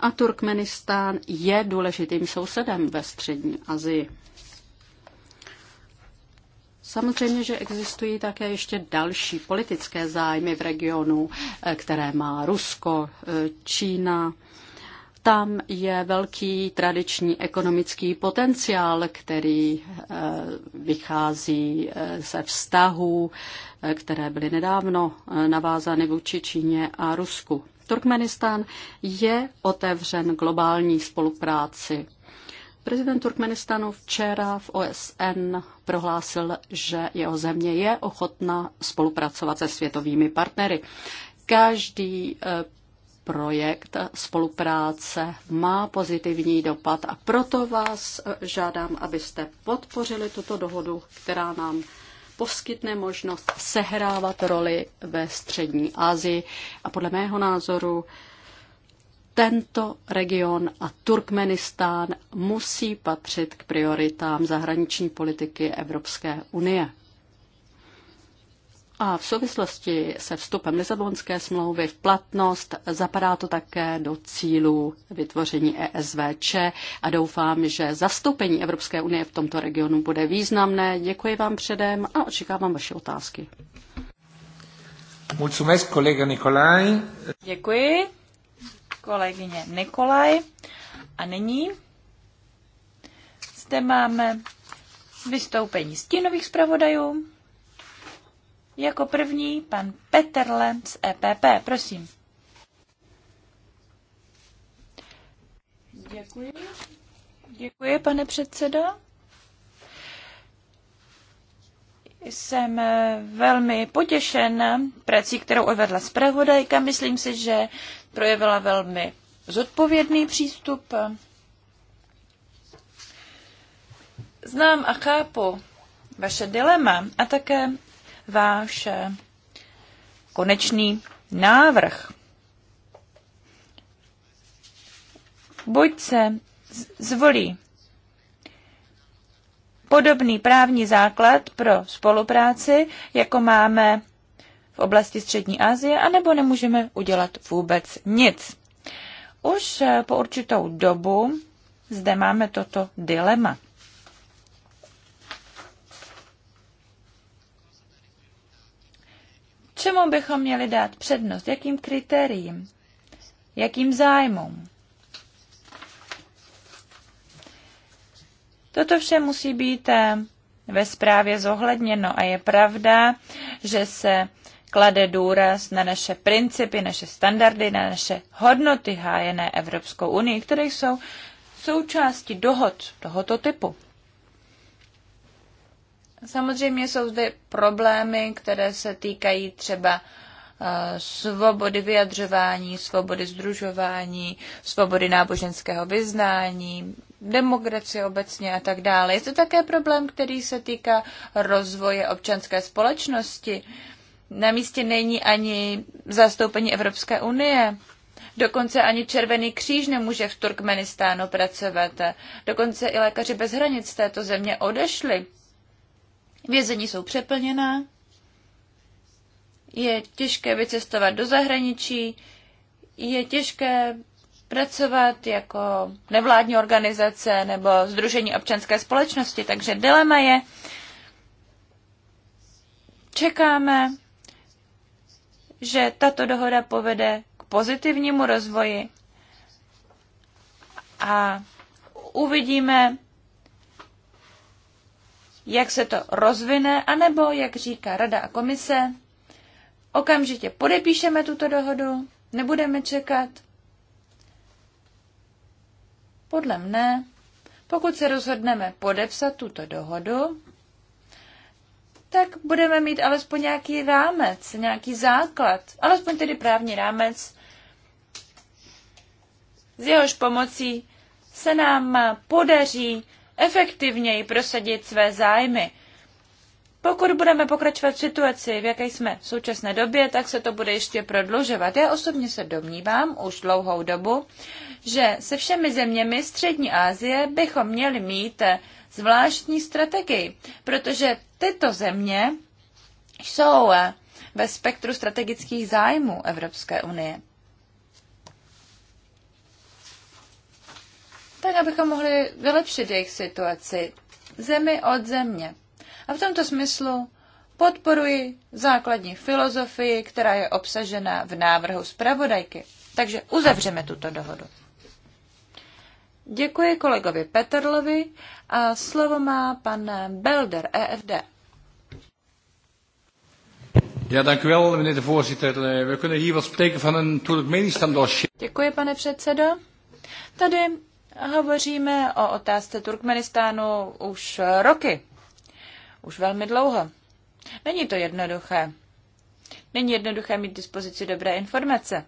a Turkmenistán je důležitým sousedem ve střední Asii. Samozřejmě, že existují také ještě další politické zájmy v regionu, eh, které má Rusko, eh, Čína. Tam je velký tradiční ekonomický potenciál, který eh, vychází ze vztahů, které byly nedávno navázány vůči Číně a Rusku. Turkmenistán je otevřen globální spolupráci Prezident Turkmenistanu včera v OSN prohlásil, že jeho země je ochotna spolupracovat se světovými partnery. Každý eh, projekt spolupráce má pozitivní dopad a proto vás eh, žádám, abyste podpořili tuto dohodu, která nám poskytne možnost sehrávat roli ve střední Asii a podle mého názoru tento region a Turkmenistán musí patřit k prioritám zahraniční politiky Evropské unie. A v souvislosti se vstupem Lisabonské smlouvy v platnost zapadá to také do cílů vytvoření ESVČ a doufám, že zastoupení Evropské unie v tomto regionu bude významné. Děkuji vám předem a očekávám vaše otázky. kolega Nikolaj. Děkuji, kolegyně Nikolaj. A nyní zde máme vystoupení stínových zpravodajů. Jako první pan Petr Lenz, z e EPP, prosím. Děkuji. Děkuji, pane předsedo. Jsem e, velmi potěšen prací, kterou odvedla zpravodajka. Myslím si, že projevila velmi zodpovědný přístup. Znám a chápu vaše dilema a také váš konečný návrh. Buď se zvolí podobný právní základ pro spolupráci, jako máme v oblasti Střední Asie, anebo nemůžeme udělat vůbec nic. Už eh, po určitou dobu zde máme toto dilema. Čemu bychom měli dát přednost? Jakým kritériím? Jakým zájmům? Toto vše musí být eh, ve zprávě zohledněno a je pravda, že se klade důraz na naše principy, naše standardy, na naše hodnoty hájené Evropskou unii, které jsou součástí dohod tohoto typu. Samozřejmě jsou zde problémy, které se týkají třeba eh, svobody vyjadřování, svobody združování, svobody náboženského vyznání, demokracie obecně a tak dále. Je to také problém, který se týká rozvoje občanské společnosti na místě není ani zastoupení Evropské unie. Dokonce ani Červený kříž nemůže v Turkmenistánu pracovat. Dokonce i lékaři bez hranic této země odešli. Vězení jsou přeplněná, je těžké vycestovat do zahraničí, je těžké pracovat jako nevládní organizace nebo Združení občanské společnosti. Takže dilema je, čekáme že tato dohoda povede k pozitivnímu rozvoji a uvidíme, jak se to rozvine, anebo, jak říká Rada a komise, okamžitě podepíšeme tuto dohodu, nebudeme čekat. Podle mne, pokud se rozhodneme podepsat tuto dohodu, tak budeme mít alespoň nějaký rámec, nějaký základ, alespoň tedy právní rámec, z jehož pomocí se nám podaří efektivněji prosadit své zájmy. Pokud budeme pokračovat v situaci, v jaké jsme v současné době, tak se to bude ještě prodlužovat. Já osobně se domnívám už dlouhou dobu, že se všemi zeměmi Střední Asie bychom měli mít zvláštní strategii, protože Tyto země jsou eh, ve spektru strategických zájmů Evropské unie. Tak, abychom mohli vylepšit jejich situaci zemi od země. A v tomto smyslu podporuji základní filozofii, která je obsažena v návrhu zpravodajky. Takže uzavřeme tuto dohodu. Děkuji kolegovi Petrlovi a slovo má pan Belder EFD. Ja, dank u wel, meneer de voorzitter. Eh, we kunnen hier spreken van een Turkmenistan dossier. Děkuji, pane předsedo. Tady hovoříme o otázce Turkmenistánu už roky. Už velmi dlouho. Není to jednoduché. Není jednoduché mít dispozici dobré informace.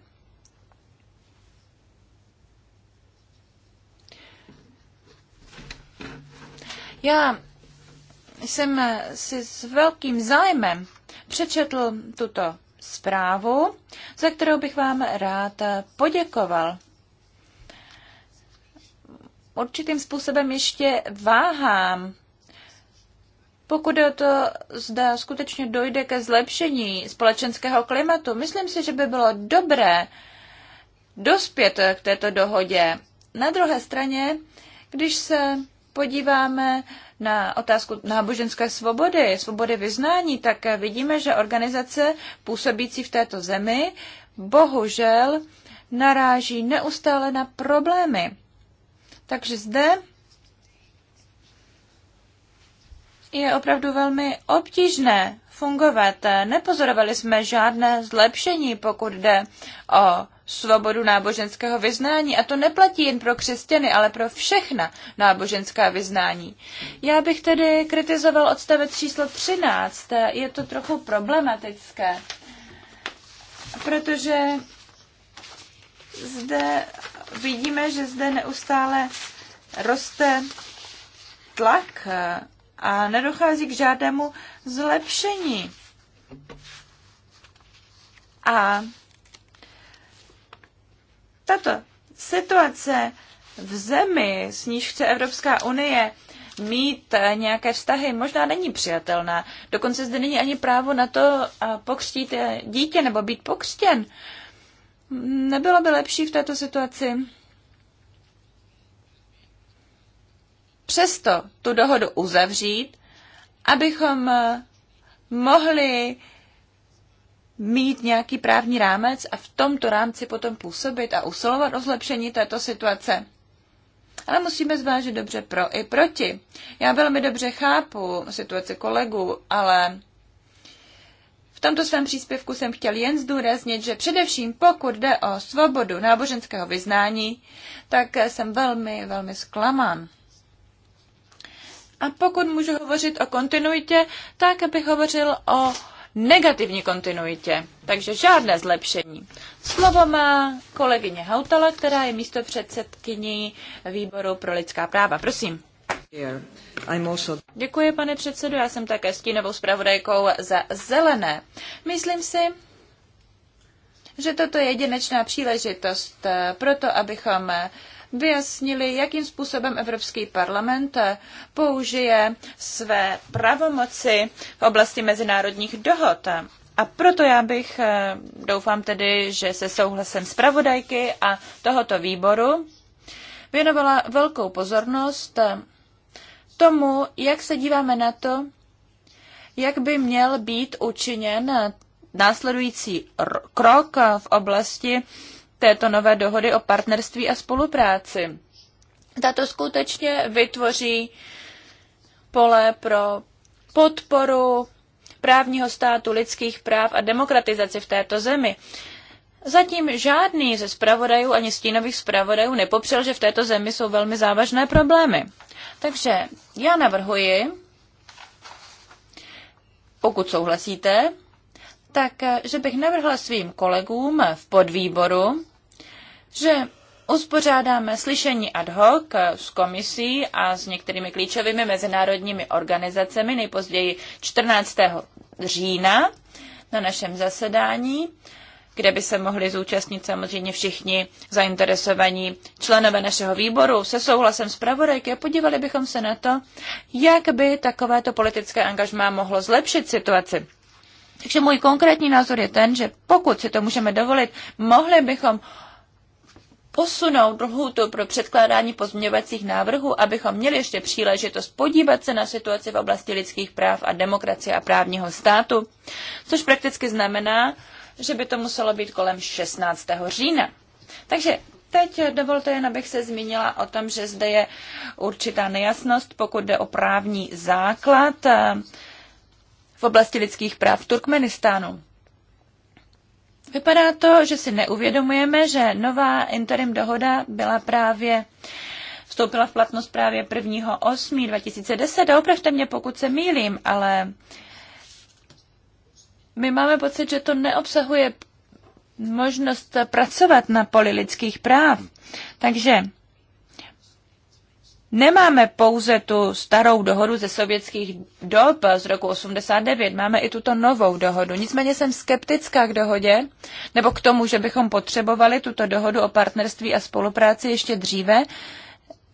Já jsem si s velkým zájmem přečetl tuto zprávu, za kterou bych vám rád poděkoval. Určitým způsobem ještě váhám, pokud je to zda skutečně dojde ke zlepšení společenského klimatu, myslím si, že by bylo dobré dospět k této dohodě. Na druhé straně, když se podíváme na otázku náboženské svobody, svobody vyznání, tak vidíme, že organizace působící v této zemi bohužel naráží neustále na problémy. Takže zde je opravdu velmi obtížné fungovat. Nepozorovali jsme žádné zlepšení, pokud jde o svobodu náboženského vyznání. A to neplatí jen pro křesťany, ale pro všechna náboženská vyznání. Já bych tedy kritizoval odstavec číslo 13. Je to trochu problematické, protože zde vidíme, že zde neustále roste tlak a nedochází k žádnému zlepšení. A tato situace v zemi, s níž chce Evropská unie mít eh, nějaké vztahy, možná není přijatelná. Dokonce zde není ani právo na to eh, pokřtít eh, dítě nebo být pokřtěn. Nebylo by lepší v této situaci přesto tu dohodu uzavřít, abychom mohli mít nějaký právní rámec a v tomto rámci potom působit a usilovat o zlepšení této situace. Ale musíme zvážit dobře pro i proti. Já velmi dobře chápu situaci kolegu, ale v tomto svém příspěvku jsem chtěl jen zdůraznit, že především pokud jde o svobodu náboženského vyznání, tak jsem velmi, velmi zklamán. A pokud můžu hovořit o kontinuitě, tak abych hovořil o negativní kontinuitě, takže žádné zlepšení. Slovo má kolegyně Hautala, která je místo předsedkyní výboru pro lidská práva. Prosím. Also... Děkuji, pane předsedu. Já jsem také stínovou zpravodajkou za zelené. Myslím si, že toto je jedinečná příležitost eh, pro to, abychom eh, vyjasnili, jakým způsobem Evropský parlament použije své pravomoci v oblasti mezinárodních dohod. A proto já bych, eh, doufám tedy, že se souhlasem zpravodajky a tohoto výboru věnovala velkou pozornost eh, tomu, jak se díváme na to, jak by měl být učiněn následující krok v oblasti této nové dohody o partnerství a spolupráci. Tato skutečně vytvoří pole pro podporu právního státu, lidských práv a demokratizaci v této zemi. Zatím žádný ze zpravodajů ani stínových zpravodajů nepopřel, že v této zemi jsou velmi závažné problémy. Takže já navrhuji, pokud souhlasíte, tak že bych navrhla svým kolegům v podvýboru, že uspořádáme slyšení ad hoc s komisí a s některými klíčovými mezinárodními organizacemi nejpozději 14. října na našem zasedání, kde by se mohli zúčastnit samozřejmě všichni zainteresovaní členové našeho výboru se souhlasem zpravodajky a podívali bychom se na to, jak by takovéto politické angažmá mohlo zlepšit situaci. Takže můj konkrétní názor je ten, že pokud si to můžeme dovolit, mohli bychom posunout lhůtu pro předkládání pozměňovacích návrhů, abychom měli ještě příležitost podívat se na situaci v oblasti lidských práv a demokracie a právního státu, což prakticky znamená, že by to muselo být kolem 16. října. Takže teď dovolte jen, abych se zmínila o tom, že zde je určitá nejasnost, pokud jde o právní základ eh, v oblasti lidských práv v Turkmenistánu. Vypadá to, že si neuvědomujeme, že nová interim dohoda byla právě vstoupila v platnost právě 1.8.2010 a opravte mě, pokud se mýlím, ale my máme pocit, že to neobsahuje možnost pracovat na poli lidských práv. Takže nemáme pouze tu starou dohodu ze sovětských dob z roku 89, máme i tuto novou dohodu. Nicméně jsem skeptická k dohodě, nebo k tomu, že bychom potřebovali tuto dohodu o partnerství a spolupráci ještě dříve,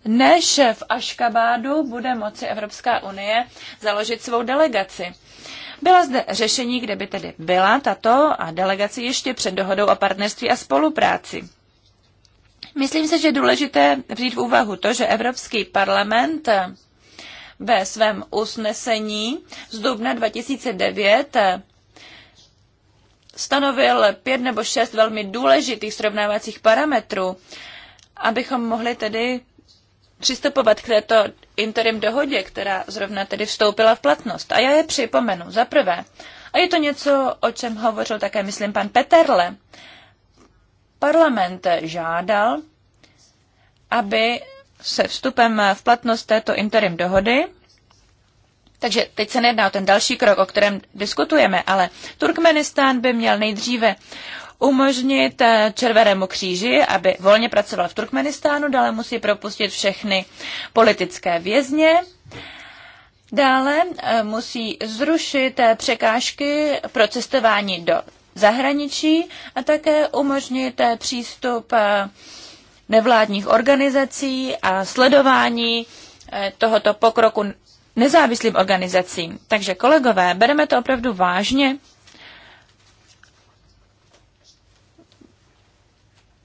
než v Aškabádu bude moci Evropská unie založit svou delegaci. Byla zde řešení, kde by tedy byla tato a delegaci ještě před dohodou o partnerství a spolupráci. Myslím se, že je důležité vzít v úvahu to, že Evropský parlament ve svém usnesení z dubna 2009 stanovil pět nebo šest velmi důležitých srovnávacích parametrů, abychom mohli tedy přistupovat k této interim dohodě, která zrovna tedy vstoupila v platnost. A já je připomenu. Za prvé, a je to něco, o čem hovořil také, myslím, pan Peterle, Parlament žádal, aby se vstupem v platnost této interim dohody takže teď se nejedná o ten další krok, o kterém diskutujeme, ale Turkmenistán by měl nejdříve umožnit eh, Červenému kříži, aby volně pracoval v Turkmenistánu, dále musí propustit všechny politické vězně, dále eh, musí zrušit eh, překážky pro cestování do zahraničí a také umožnit přístup eh, nevládních organizací a sledování eh, tohoto pokroku nezávislým organizacím. Takže kolegové, bereme to opravdu vážně.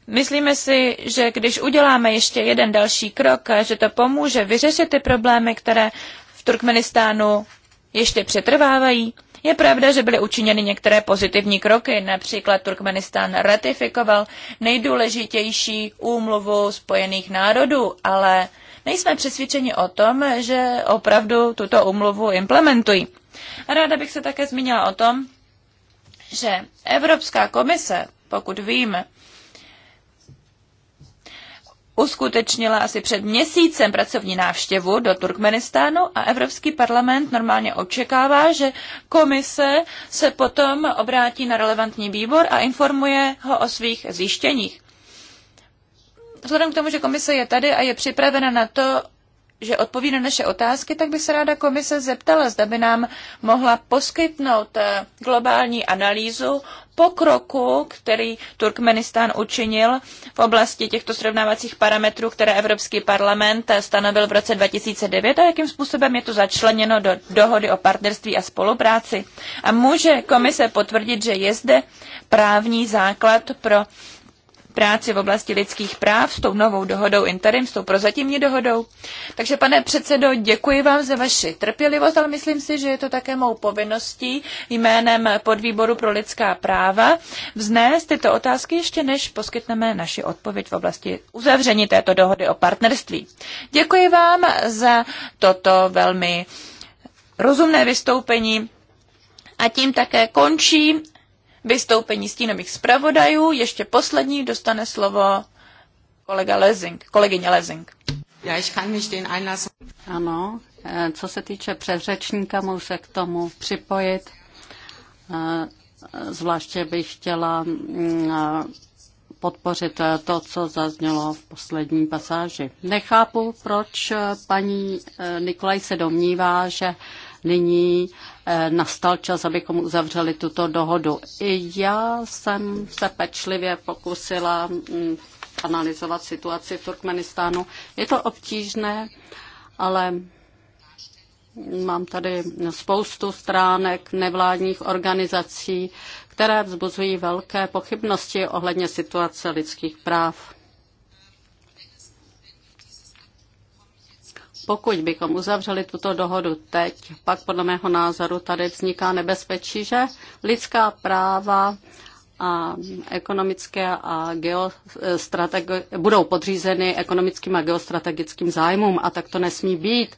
Myslíme si, že když uděláme ještě jeden další krok, eh, že to pomůže vyřešit ty problémy, které v Turkmenistánu ještě přetrvávají. Je pravda, že byly učiněny některé pozitivní kroky, například Turkmenistán ratifikoval nejdůležitější úmluvu Spojených národů, ale nejsme přesvědčeni o tom, že opravdu tuto úmluvu implementují. A ráda bych se také zmínila o tom, že Evropská komise, pokud vím, uskutečnila asi před měsícem pracovní návštěvu do Turkmenistánu a Evropský parlament normálně očekává, že komise se potom obrátí na relevantní výbor a informuje ho o svých zjištěních. Vzhledem k tomu, že komise je tady a je připravena na to že odpoví na naše otázky, tak bych se ráda komise zeptala, zda by nám mohla poskytnout eh, globální analýzu pokroku, který Turkmenistán učinil v oblasti těchto srovnávacích parametrů, které Evropský parlament eh, stanovil v roce 2009 a jakým způsobem je to začleněno do dohody o partnerství a spolupráci. A může komise potvrdit, že je zde právní základ pro práci v oblasti lidských práv s tou novou dohodou interim, s tou prozatímní dohodou. Takže pane předsedo, děkuji vám za vaši trpělivost, ale myslím si, že je to také mou povinností jménem podvýboru pro lidská práva vznést tyto otázky ještě než poskytneme naši odpověď v oblasti uzavření této dohody o partnerství. Děkuji vám za toto velmi rozumné vystoupení. A tím také končí vystoupení stínových zpravodajů. Ještě poslední dostane slovo kolega Lezing, kolegyně Lezing. Já ich kann mich den einlassen. Ano, eh, co se týče předřečníka, můžu se k tomu připojit. Eh, zvláště bych chtěla mm, eh, podpořit to, co zaznělo v poslední pasáži. Nechápu, proč paní Nikolaj se domnívá, že nyní Eh, nastal čas, abychom uzavřeli tuto dohodu. I já jsem se pečlivě pokusila mm, analyzovat situaci v Turkmenistánu. Je to obtížné, ale mám tady spoustu stránek nevládních organizací, které vzbuzují velké pochybnosti ohledně situace lidských práv. Pokud bychom uzavřeli tuto dohodu teď, pak podle mého názoru tady vzniká nebezpečí, že lidská práva a ekonomické a geostrategi- budou podřízeny ekonomickým a geostrategickým zájmům a tak to nesmí být.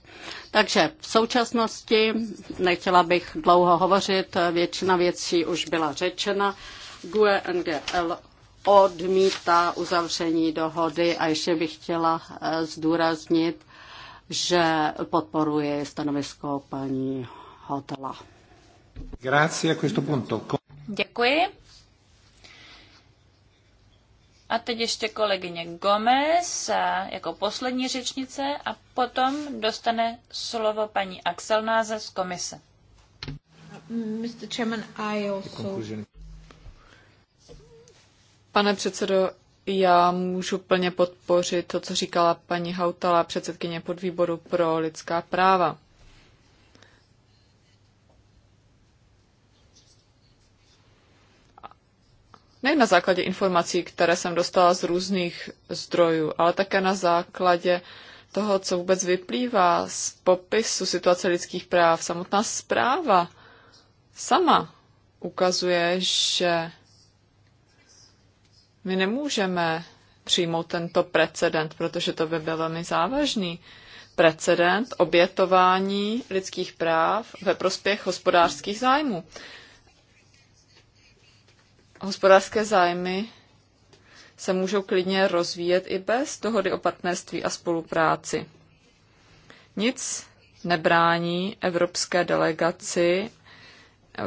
Takže v současnosti, nechtěla bych dlouho hovořit, většina věcí už byla řečena, GUE NGL odmítá uzavření dohody a ještě bych chtěla eh, zdůraznit, že podporuje stanovisko paní Hotela. Grazie a Děkuji. A teď ještě kolegyně Gomez jako poslední řečnice a potom dostane slovo paní Axelnáze z komise. Mr. Chairman, I also... Pane předsedo, já můžu plně podpořit to, co říkala paní Hautala, předsedkyně podvýboru pro lidská práva. Nejen na základě informací, které jsem dostala z různých zdrojů, ale také na základě toho, co vůbec vyplývá z popisu situace lidských práv. Samotná zpráva sama ukazuje, že my nemůžeme přijmout tento precedent, protože to by byl velmi závažný precedent obětování lidských práv ve prospěch hospodářských zájmů. Hospodářské zájmy se můžou klidně rozvíjet i bez dohody o partnerství a spolupráci. Nic nebrání evropské delegaci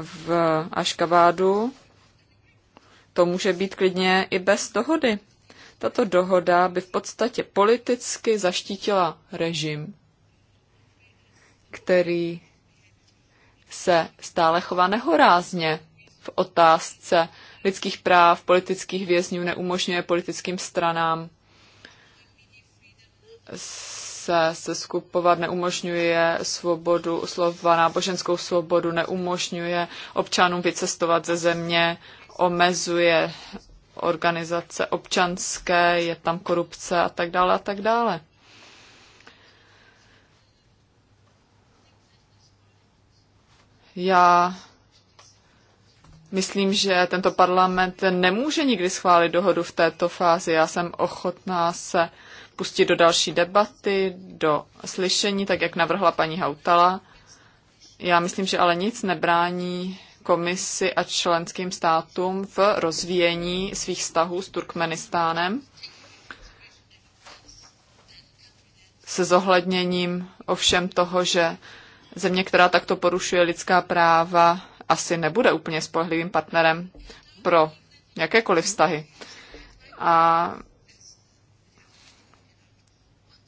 v Aškabádu to může být klidně i bez dohody. Tato dohoda by v podstatě politicky zaštítila režim, který se stále chová nehorázně v otázce lidských práv, politických vězňů, neumožňuje politickým stranám se, se skupovat, neumožňuje svobodu slova, náboženskou svobodu, neumožňuje občanům vycestovat ze země omezuje organizace občanské, je tam korupce a tak dále a tak dále. Já myslím, že tento parlament nemůže nikdy schválit dohodu v této fázi. Já jsem ochotná se pustit do další debaty, do slyšení, tak jak navrhla paní Hautala. Já myslím, že ale nic nebrání komisi a členským státům v rozvíjení svých vztahů s Turkmenistánem se zohledněním ovšem toho, že země, která takto porušuje lidská práva, asi nebude úplně spolehlivým partnerem pro jakékoliv vztahy. A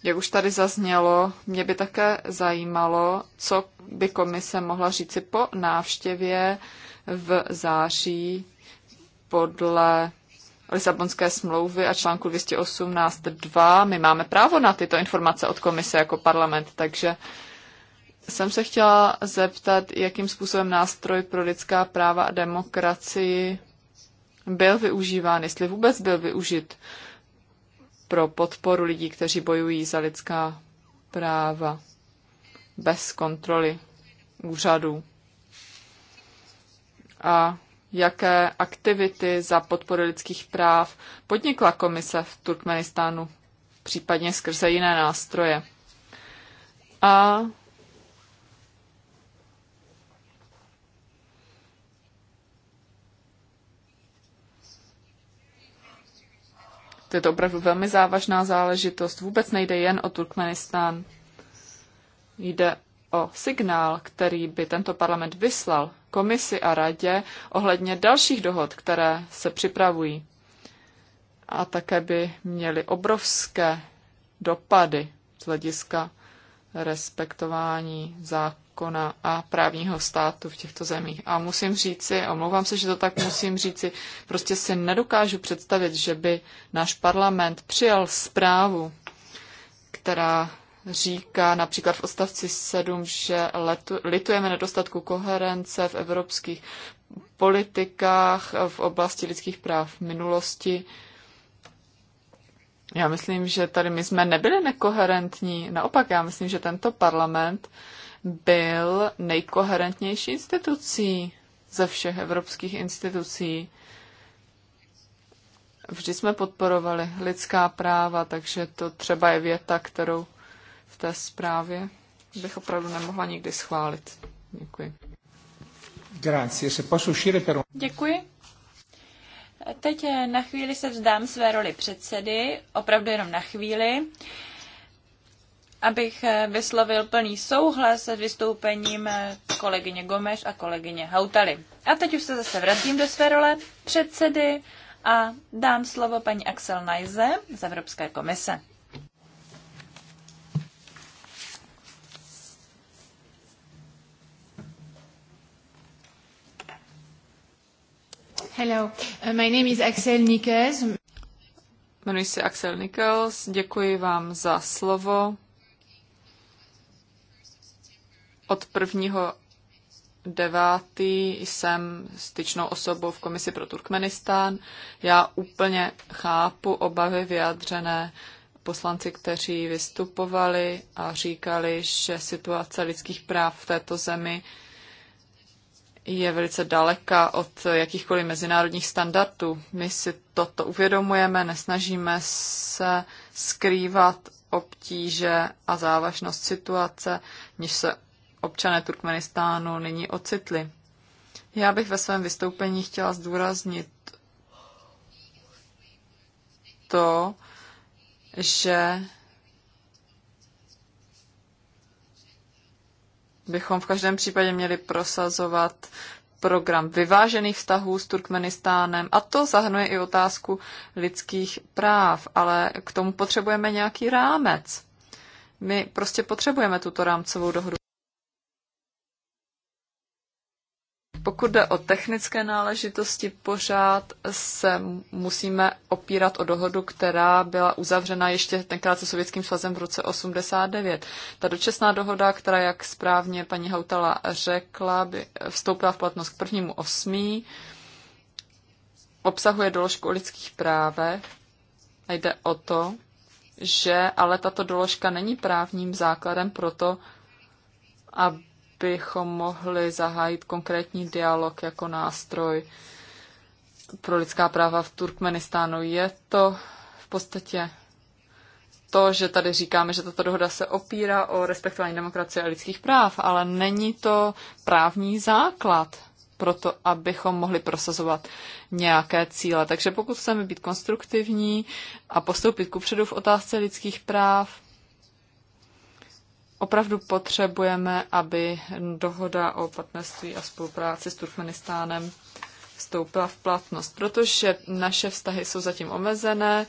jak už tady zaznělo, mě by také zajímalo, co by komise mohla říci po návštěvě v září podle Lisabonské smlouvy a článku 218.2. My máme právo na tyto informace od komise jako parlament, takže jsem se chtěla zeptat, jakým způsobem nástroj pro lidská práva a demokracii byl využíván, jestli vůbec byl využit pro podporu lidí, kteří bojují za lidská práva bez kontroly úřadů. A jaké aktivity za podporu lidských práv podnikla komise v Turkmenistánu, případně skrze jiné nástroje. A je to opravdu velmi závažná záležitost. Vůbec nejde jen o Turkmenistán. Jde o signál, který by tento parlament vyslal komisi a radě ohledně dalších dohod, které se připravují. A také by měly obrovské dopady z hlediska respektování zákonů zákona a právního státu v těchto zemích. A musím říci, omlouvám se, že to tak musím říci, prostě si nedokážu představit, že by náš parlament přijal zprávu, která říká například v odstavci 7, že letu, litujeme nedostatku koherence v evropských politikách v oblasti lidských práv v minulosti. Já myslím, že tady my jsme nebyli nekoherentní. Naopak, já myslím, že tento parlament byl nejkoherentnější institucí ze všech evropských institucí. Vždy jsme podporovali lidská práva, takže to třeba je věta, kterou v té zprávě bych opravdu nemohla nikdy schválit. Děkuji. Grazie. Se Děkuji. Teď na chvíli se vzdám své roli předsedy, opravdu jenom na chvíli abych eh, vyslovil plný souhlas s vystoupením eh, kolegyně Gomeš a kolegyně Hautaly. A teď už se zase vracím do své role předsedy a dám slovo paní Axel Najze z Evropské komise. Hello, uh, my name is Axel Nikes. Jmenuji se Axel Nichols, děkuji vám za slovo. Od prvního devátý jsem styčnou osobou v komisi pro Turkmenistán. Já úplně chápu obavy vyjádřené poslanci, kteří vystupovali a říkali, že situace lidských práv v této zemi je velice daleka od jakýchkoliv mezinárodních standardů. My si toto uvědomujeme, nesnažíme se skrývat obtíže a závažnost situace, níž se občané Turkmenistánu nyní ocitli. Já bych ve svém vystoupení chtěla zdůraznit to, že bychom v každém případě měli prosazovat program vyvážených vztahů s Turkmenistánem a to zahrnuje i otázku lidských práv, ale k tomu potřebujeme nějaký rámec. My prostě potřebujeme tuto rámcovou dohodu. Pokud jde o technické náležitosti, pořád se musíme opírat o dohodu, která byla uzavřena ještě tenkrát se Sovětským svazem v roce 89. Ta dočasná dohoda, která, jak správně paní Hautala řekla, by vstoupila v platnost k prvnímu osmí, obsahuje doložku o lidských právech a jde o to, že ale tato doložka není právním základem pro to, aby bychom mohli zahájit konkrétní dialog jako nástroj pro lidská práva v Turkmenistánu. Je to v podstatě to, že tady říkáme, že tato dohoda se opírá o respektování demokracie a lidských práv, ale není to právní základ pro to, abychom mohli prosazovat nějaké cíle. Takže pokud chceme být konstruktivní a postoupit kupředu v otázce lidských práv, opravdu potřebujeme, aby dohoda o partnerství a spolupráci s Turkmenistánem vstoupila v platnost, protože naše vztahy jsou zatím omezené.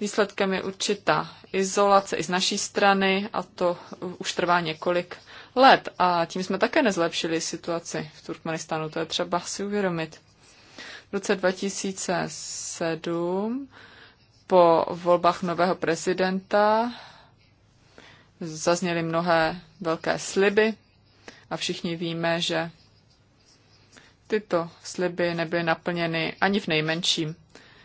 Výsledkem je určitá izolace i z naší strany a to už trvá několik let a tím jsme také nezlepšili situaci v Turkmenistánu, to je třeba si uvědomit. V roce 2007 po volbách nového prezidenta Zazněly mnohé velké sliby a všichni víme, že tyto sliby nebyly naplněny ani v nejmenším.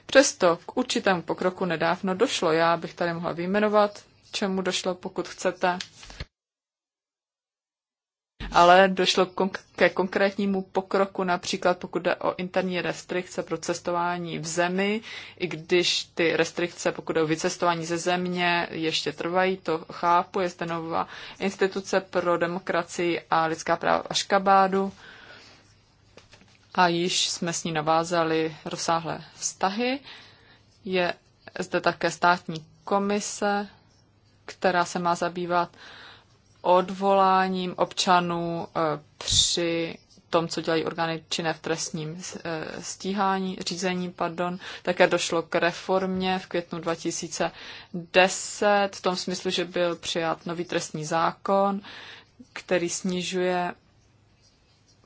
Přesto k určitému pokroku nedávno došlo. Já bych tady mohla vyjmenovat, čemu došlo, pokud chcete ale došlo ke konkrétnímu pokroku, například pokud jde o interní restrikce pro cestování v zemi, i když ty restrikce, pokud jde o vycestování ze země, ještě trvají, to chápu, je zde nová instituce pro demokracii a lidská práva v Aškabádu a již jsme s ní navázali rozsáhlé vztahy. Je zde také státní komise, která se má zabývat odvoláním občanů eh, při tom, co dělají orgány činné v trestním eh, stíhání, řízení, pardon, také došlo k reformě v květnu 2010, v tom smyslu, že byl přijat nový trestní zákon, který snižuje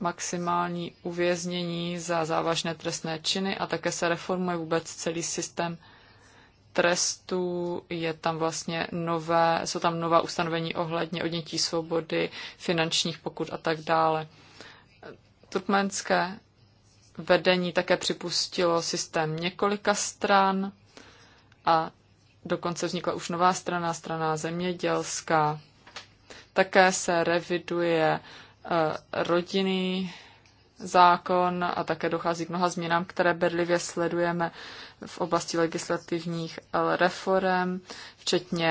maximální uvěznění za závažné trestné činy a také se reformuje vůbec celý systém trestů, je tam vlastně nové, jsou tam nová ustanovení ohledně odnětí svobody, finančních pokut a tak dále. Turkmenské vedení také připustilo systém několika stran a dokonce vznikla už nová strana, strana zemědělská. Také se reviduje eh, rodiny zákon a také dochází k mnoha změnám, které bedlivě sledujeme v oblasti legislativních eh, reform, včetně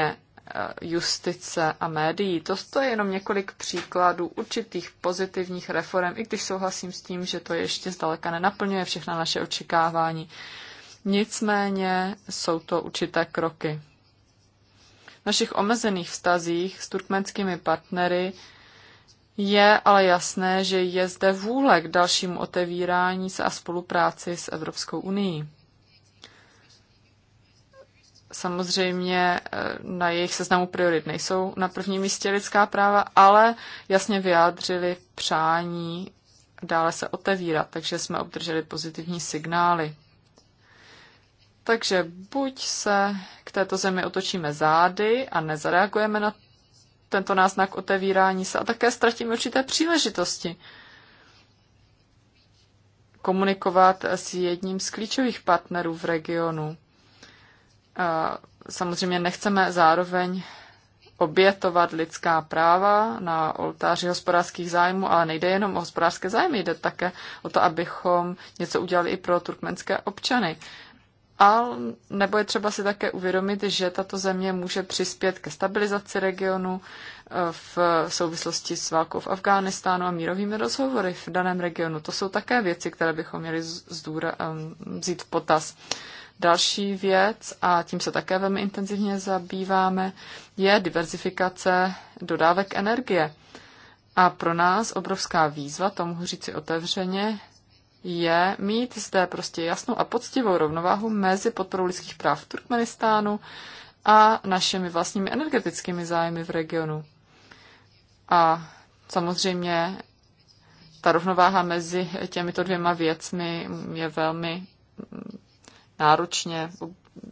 eh, justice a médií. To je jenom několik příkladů určitých pozitivních reform, i když souhlasím s tím, že to ještě zdaleka nenaplňuje všechna naše očekávání. Nicméně jsou to určité kroky. V našich omezených vztazích s turkmenskými partnery je ale jasné, že je zde vůle k dalšímu otevírání se a spolupráci s Evropskou unii. Samozřejmě eh, na jejich seznamu priorit nejsou na prvním místě lidská práva, ale jasně vyjádřili přání dále se otevírat, takže jsme obdrželi pozitivní signály. Takže buď se k této zemi otočíme zády a nezareagujeme na tento náznak otevírání se a také ztratíme určité příležitosti komunikovat s jedním z klíčových partnerů v regionu. Samozřejmě nechceme zároveň obětovat lidská práva na oltáři hospodářských zájmů, ale nejde jenom o hospodářské zájmy, jde také o to, abychom něco udělali i pro turkmenské občany. A nebo je třeba si také uvědomit, že tato země může přispět ke stabilizaci regionu eh, v souvislosti s válkou v Afghánistánu a mírovými rozhovory v daném regionu. To jsou také věci, které bychom měli zdůra, vzít v potaz. Další věc, a tím se také velmi intenzivně zabýváme, je diversifikace dodávek energie. A pro nás obrovská výzva, to mohu říci otevřeně, je mít zde prostě jasnou a poctivou rovnováhu mezi podporou lidských práv v Turkmenistánu a našimi vlastními energetickými zájmy v regionu. A samozřejmě ta rovnováha mezi těmito dvěma věcmi je velmi mm, náročně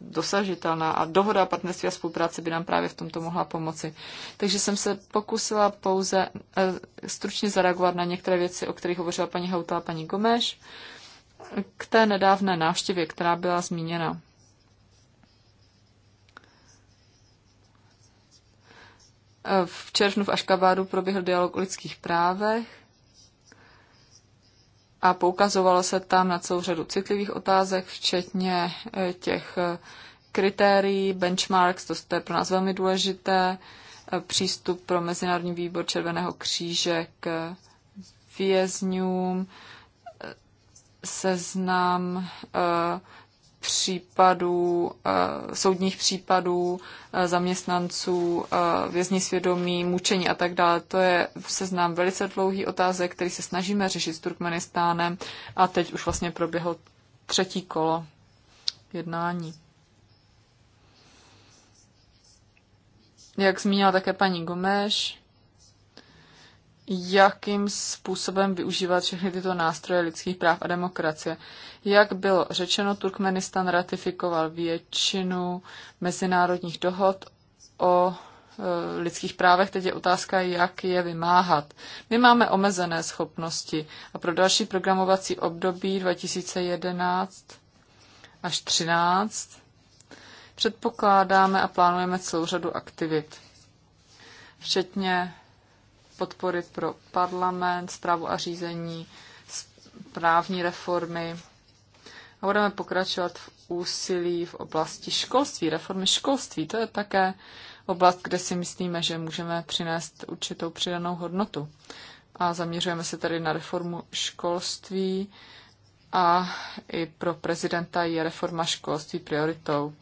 dosažitelná a dohoda o partnerství a spolupráci by nám právě v tomto mohla pomoci. Takže jsem se pokusila pouze eh, stručně zareagovat na některé věci, o kterých hovořila paní Houta a paní Gomeš, k té nedávné návštěvě, která byla zmíněna. Eh, v červnu v Aškabádu proběhl dialog o lidských právech a poukazovalo se tam na celou řadu citlivých otázek, včetně e, těch e, kritérií, benchmarks, to, je pro nás velmi důležité, e, přístup pro Mezinárodní výbor Červeného kříže k vězňům, seznam případů, eh, soudních případů eh, zaměstnanců, eh, vězni svědomí, mučení a tak dále. To je seznám velice dlouhý otázek, který se snažíme řešit s Turkmenistánem a teď už vlastně proběhlo třetí kolo jednání. Jak zmínila také paní Gomeš, jakým způsobem využívat všechny tyto nástroje lidských práv a demokracie. Jak bylo řečeno, Turkmenistan ratifikoval většinu mezinárodních dohod o e, lidských právech. Teď je otázka, jak je vymáhat. My máme omezené schopnosti a pro další programovací období 2011 až 13 předpokládáme a plánujeme celou řadu aktivit, včetně podpory pro parlament, zprávu a řízení, právní reformy. A budeme pokračovat v úsilí v oblasti školství, reformy školství. To je také oblast, kde si myslíme, že můžeme přinést určitou přidanou hodnotu. A zaměřujeme se tady na reformu školství a i pro prezidenta je reforma školství prioritou.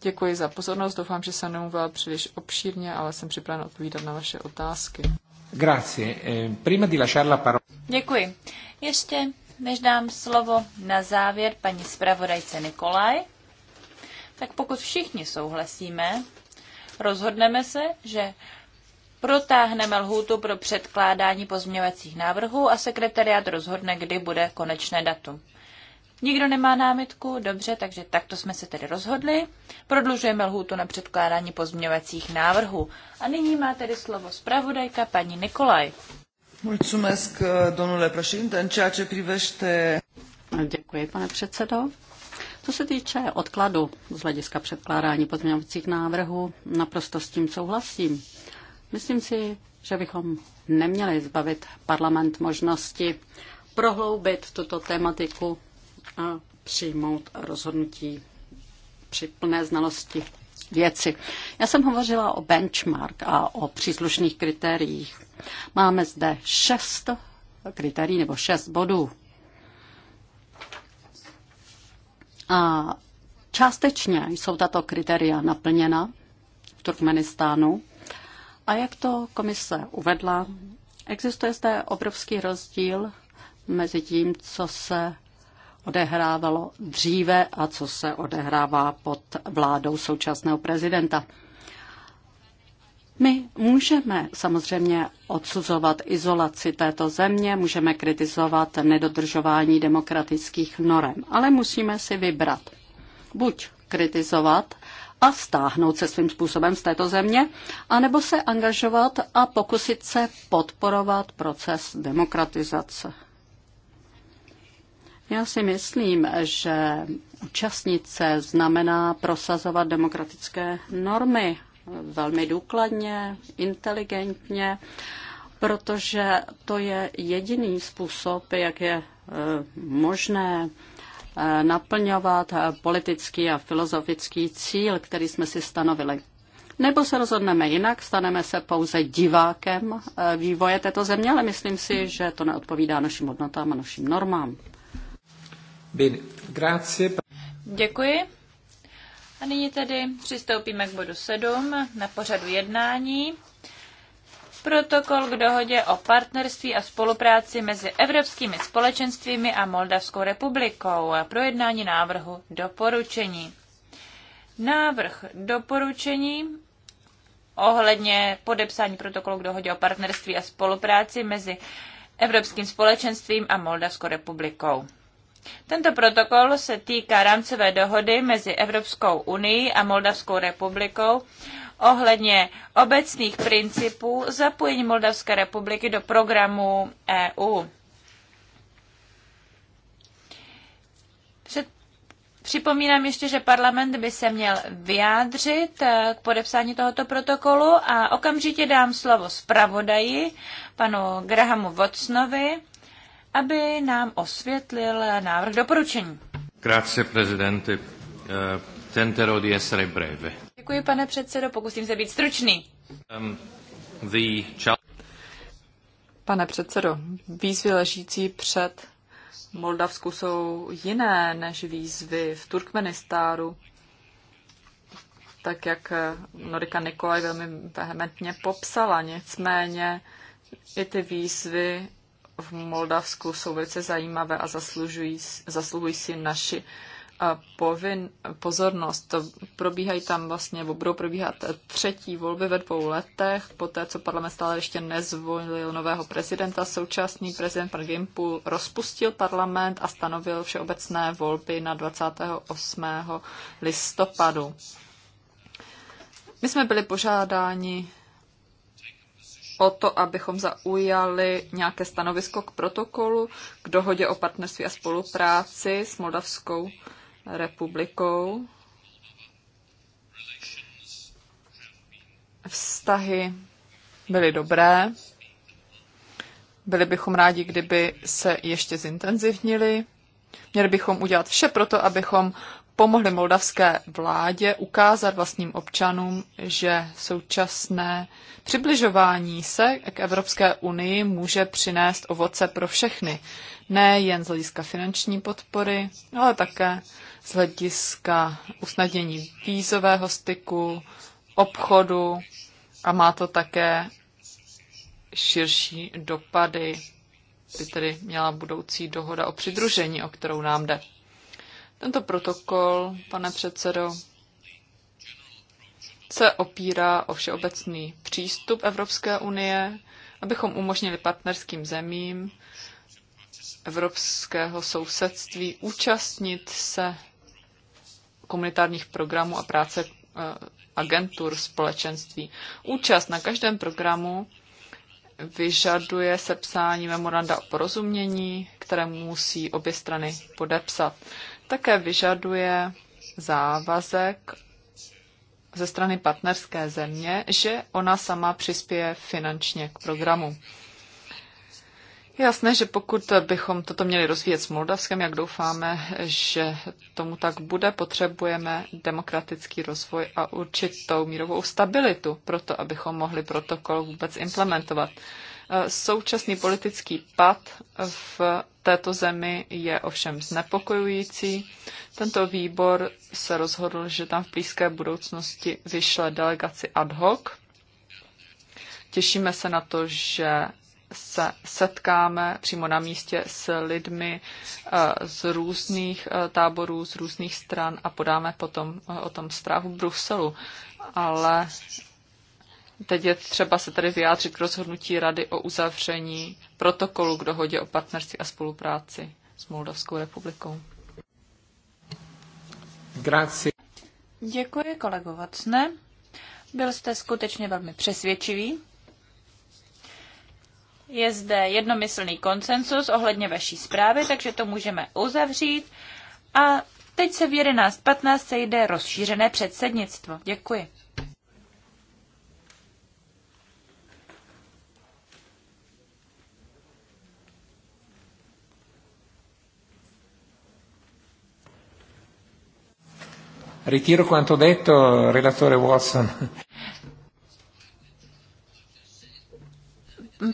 Děkuji za pozornost, doufám, že jsem nemluvila příliš obšírně, ale jsem připravena odpovídat na vaše otázky. Grazie. Eh, prima di la parola. Děkuji. Ještě než dám slovo na závěr paní zpravodajce Nikolaj, tak pokud všichni souhlasíme, rozhodneme se, že protáhneme lhůtu pro předkládání pozměňovacích návrhů a sekretariát rozhodne, kdy bude konečné datum. Nikdo nemá námitku? Dobře, takže takto jsme se tedy rozhodli. Prodlužujeme lhůtu na předkládání pozměňovacích návrhů. A nyní má tedy slovo zpravodajka paní Nikolaj. Mulțumesc, domnule președinte, în ceea ce privește... Děkuji, pane předsedo. Co se týče odkladu z hlediska předkládání pozměňovacích návrhů, naprosto s tím souhlasím. Myslím si, že bychom neměli zbavit parlament možnosti prohloubit tuto tematiku a přijmout rozhodnutí při plné znalosti věci. Já jsem hovořila o benchmark a o příslušných kritériích. Máme zde šest kritérií nebo šest bodů. A částečně jsou tato kritéria naplněna v Turkmenistánu. A jak to komise uvedla, existuje zde obrovský rozdíl mezi tím, co se odehrávalo dříve a co se odehrává pod vládou současného prezidenta. My můžeme samozřejmě odsuzovat izolaci této země, můžeme kritizovat nedodržování demokratických norem, ale musíme si vybrat. Buď kritizovat a stáhnout se svým způsobem z této země, anebo se angažovat a pokusit se podporovat proces demokratizace. Já si myslím, že účastnit se znamená prosazovat demokratické normy velmi důkladně, inteligentně, protože to je jediný způsob, jak je eh, možné eh, naplňovat politický a filozofický cíl, který jsme si stanovili. Nebo se rozhodneme jinak, staneme se pouze divákem eh, vývoje této země, ale myslím si, že to neodpovídá našim hodnotám a našim normám. Bene, grazie. Děkuji. A nyní tedy přistoupíme k bodu 7 na pořadu jednání. Protokol k dohodě o partnerství a spolupráci mezi evropskými společenstvími a Moldavskou republikou a projednání návrhu doporučení. Návrh doporučení ohledně podepsání protokolu k dohodě o partnerství a spolupráci mezi Evropským společenstvím a Moldavskou republikou. Tento protokol se týká rámcové dohody mezi Evropskou unii a Moldavskou republikou ohledně obecných principů zapojení Moldavské republiky do programu EU. Připomínám ještě, že parlament by se měl vyjádřit eh, k podepsání tohoto protokolu a okamžitě dám slovo zpravodaji, panu Grahamu Watsonovi, aby nám osvětlil návrh doporučení. Krátce, prezidente, eh, tentero di essere breve. Děkuji, pane předsedo, pokusím se být stručný. Um, the child... Pane předsedo, výzvy ležící před Moldavsku jsou jiné než výzvy v Turkmenistáru, tak jak Norika Nikolaj velmi vehementně popsala. Nicméně i ty výzvy v Moldavsku jsou velice zajímavé a zaslužují, zasluhují si naši povin, pozornost. To probíhají tam vlastně, budou probíhat třetí volby ve dvou letech, poté co parlament stále ještě nezvolil nového prezidenta. Současný prezident pan Gimpul rozpustil parlament a stanovil všeobecné volby na 28. listopadu. My jsme byli požádáni o to, abychom zaujali nějaké stanovisko k protokolu, k dohodě o partnerství a spolupráci s Moldavskou republikou. Vztahy byly dobré. Byli bychom rádi, kdyby se ještě zintenzivnili. Měli bychom udělat vše proto, abychom pomohli moldavské vládě ukázat vlastním občanům, že současné přibližování se k Evropské unii může přinést ovoce pro všechny. Ne jen z hlediska finanční podpory, ale také z hlediska usnadnění vízového styku, obchodu a má to také širší dopady by tedy měla budoucí dohoda o přidružení, o kterou nám jde. Tento protokol, pane předsedo, se opírá o všeobecný přístup Evropské unie, abychom umožnili partnerským zemím evropského sousedství účastnit se komunitárních programů a práce eh, agentur společenství. Účast na každém programu vyžaduje sepsání memoranda o porozumění, které musí obě strany podepsat také vyžaduje závazek ze strany partnerské země, že ona sama přispěje finančně k programu. Jasné, že pokud bychom toto měli rozvíjet s Moldavskem, jak doufáme, že tomu tak bude, potřebujeme demokratický rozvoj a určitou mírovou stabilitu, proto abychom mohli protokol vůbec implementovat. Eh, současný politický pad v této zemi je ovšem znepokojující. Tento výbor se rozhodl, že tam v blízké budoucnosti vyšle delegaci ad hoc. Těšíme se na to, že se setkáme přímo na místě s lidmi eh, z různých eh, táborů, z různých stran a podáme potom o tom zprávu Bruselu. Ale Teď je třeba se tady vyjádřit k rozhodnutí Rady o uzavření protokolu k dohodě o partnerství a spolupráci s Moldavskou republikou. Grazie. Děkuji, kolego Vacne. Byl jste skutečně velmi přesvědčivý. Je zde jednomyslný konsensus ohledně vaší zprávy, takže to můžeme uzavřít. A teď se v 11.15 jde rozšířené předsednictvo. Děkuji. Ritiro quanto detto, relatore Watson.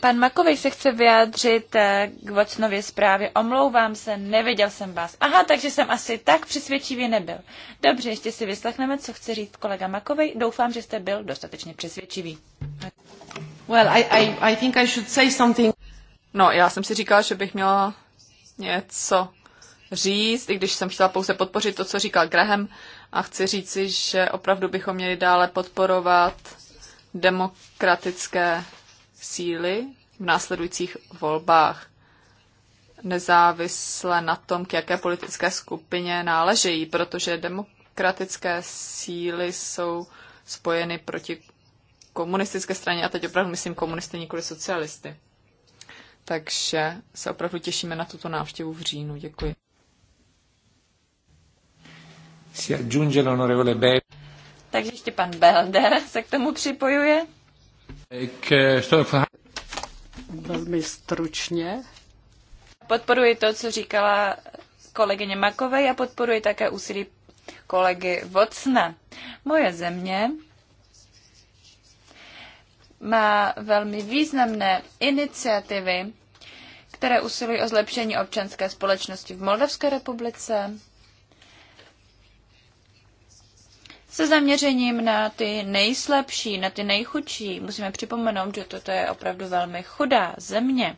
Pan Makovej se chce vyjádřit eh, k Watsonově zprávě. Omlouvám se, neviděl jsem vás. Aha, takže jsem asi tak přesvědčivě nebyl. Dobře, ještě si vyslechneme, co chce říct kolega Makovej. Doufám, že jste byl dostatečně přesvědčivý. Well, I, I, I think I should say something. No, já jsem si říkala, že bych měla něco říct, i když jsem chtěla pouze podpořit to, co říkal Graham. A chci říci, že opravdu bychom měli dále podporovat demokratické síly v následujících volbách, nezávisle na tom, k jaké politické skupině náležejí, protože demokratické síly jsou spojeny proti komunistické straně, a teď opravdu myslím komunisty, nikoli socialisty. Takže se opravdu těšíme na tuto návštěvu v říjnu. Děkuji. Si aggiunge l'onorevole Bell. Takže ještě pan Belder se k tomu připojuje. Eh, velmi stručně. Podporuji to, co říkala kolegyně Makové a podporuji také úsilí kolegy Vocna. Moje země má velmi významné iniciativy, které usilují o zlepšení občanské společnosti v Moldavské republice, se zaměřením na ty nejslabší, na ty nejchudší. Musíme připomenout, že toto je opravdu velmi chudá země.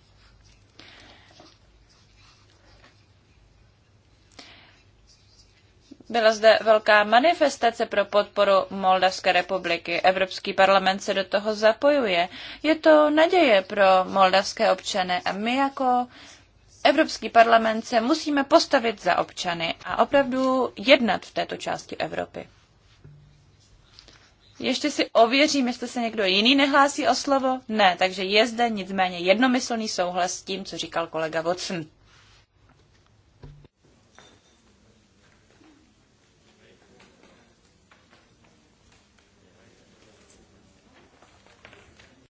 Byla zde velká manifestace pro podporu Moldavské republiky. Evropský parlament se do toho zapojuje. Je to naděje pro moldavské občany a my jako Evropský parlament se musíme postavit za občany a opravdu jednat v této části Evropy. Ještě si ověřím, jestli se někdo jiný nehlásí o slovo. Ne, takže je zde nicméně jednomyslný souhlas s tím, co říkal kolega Watson.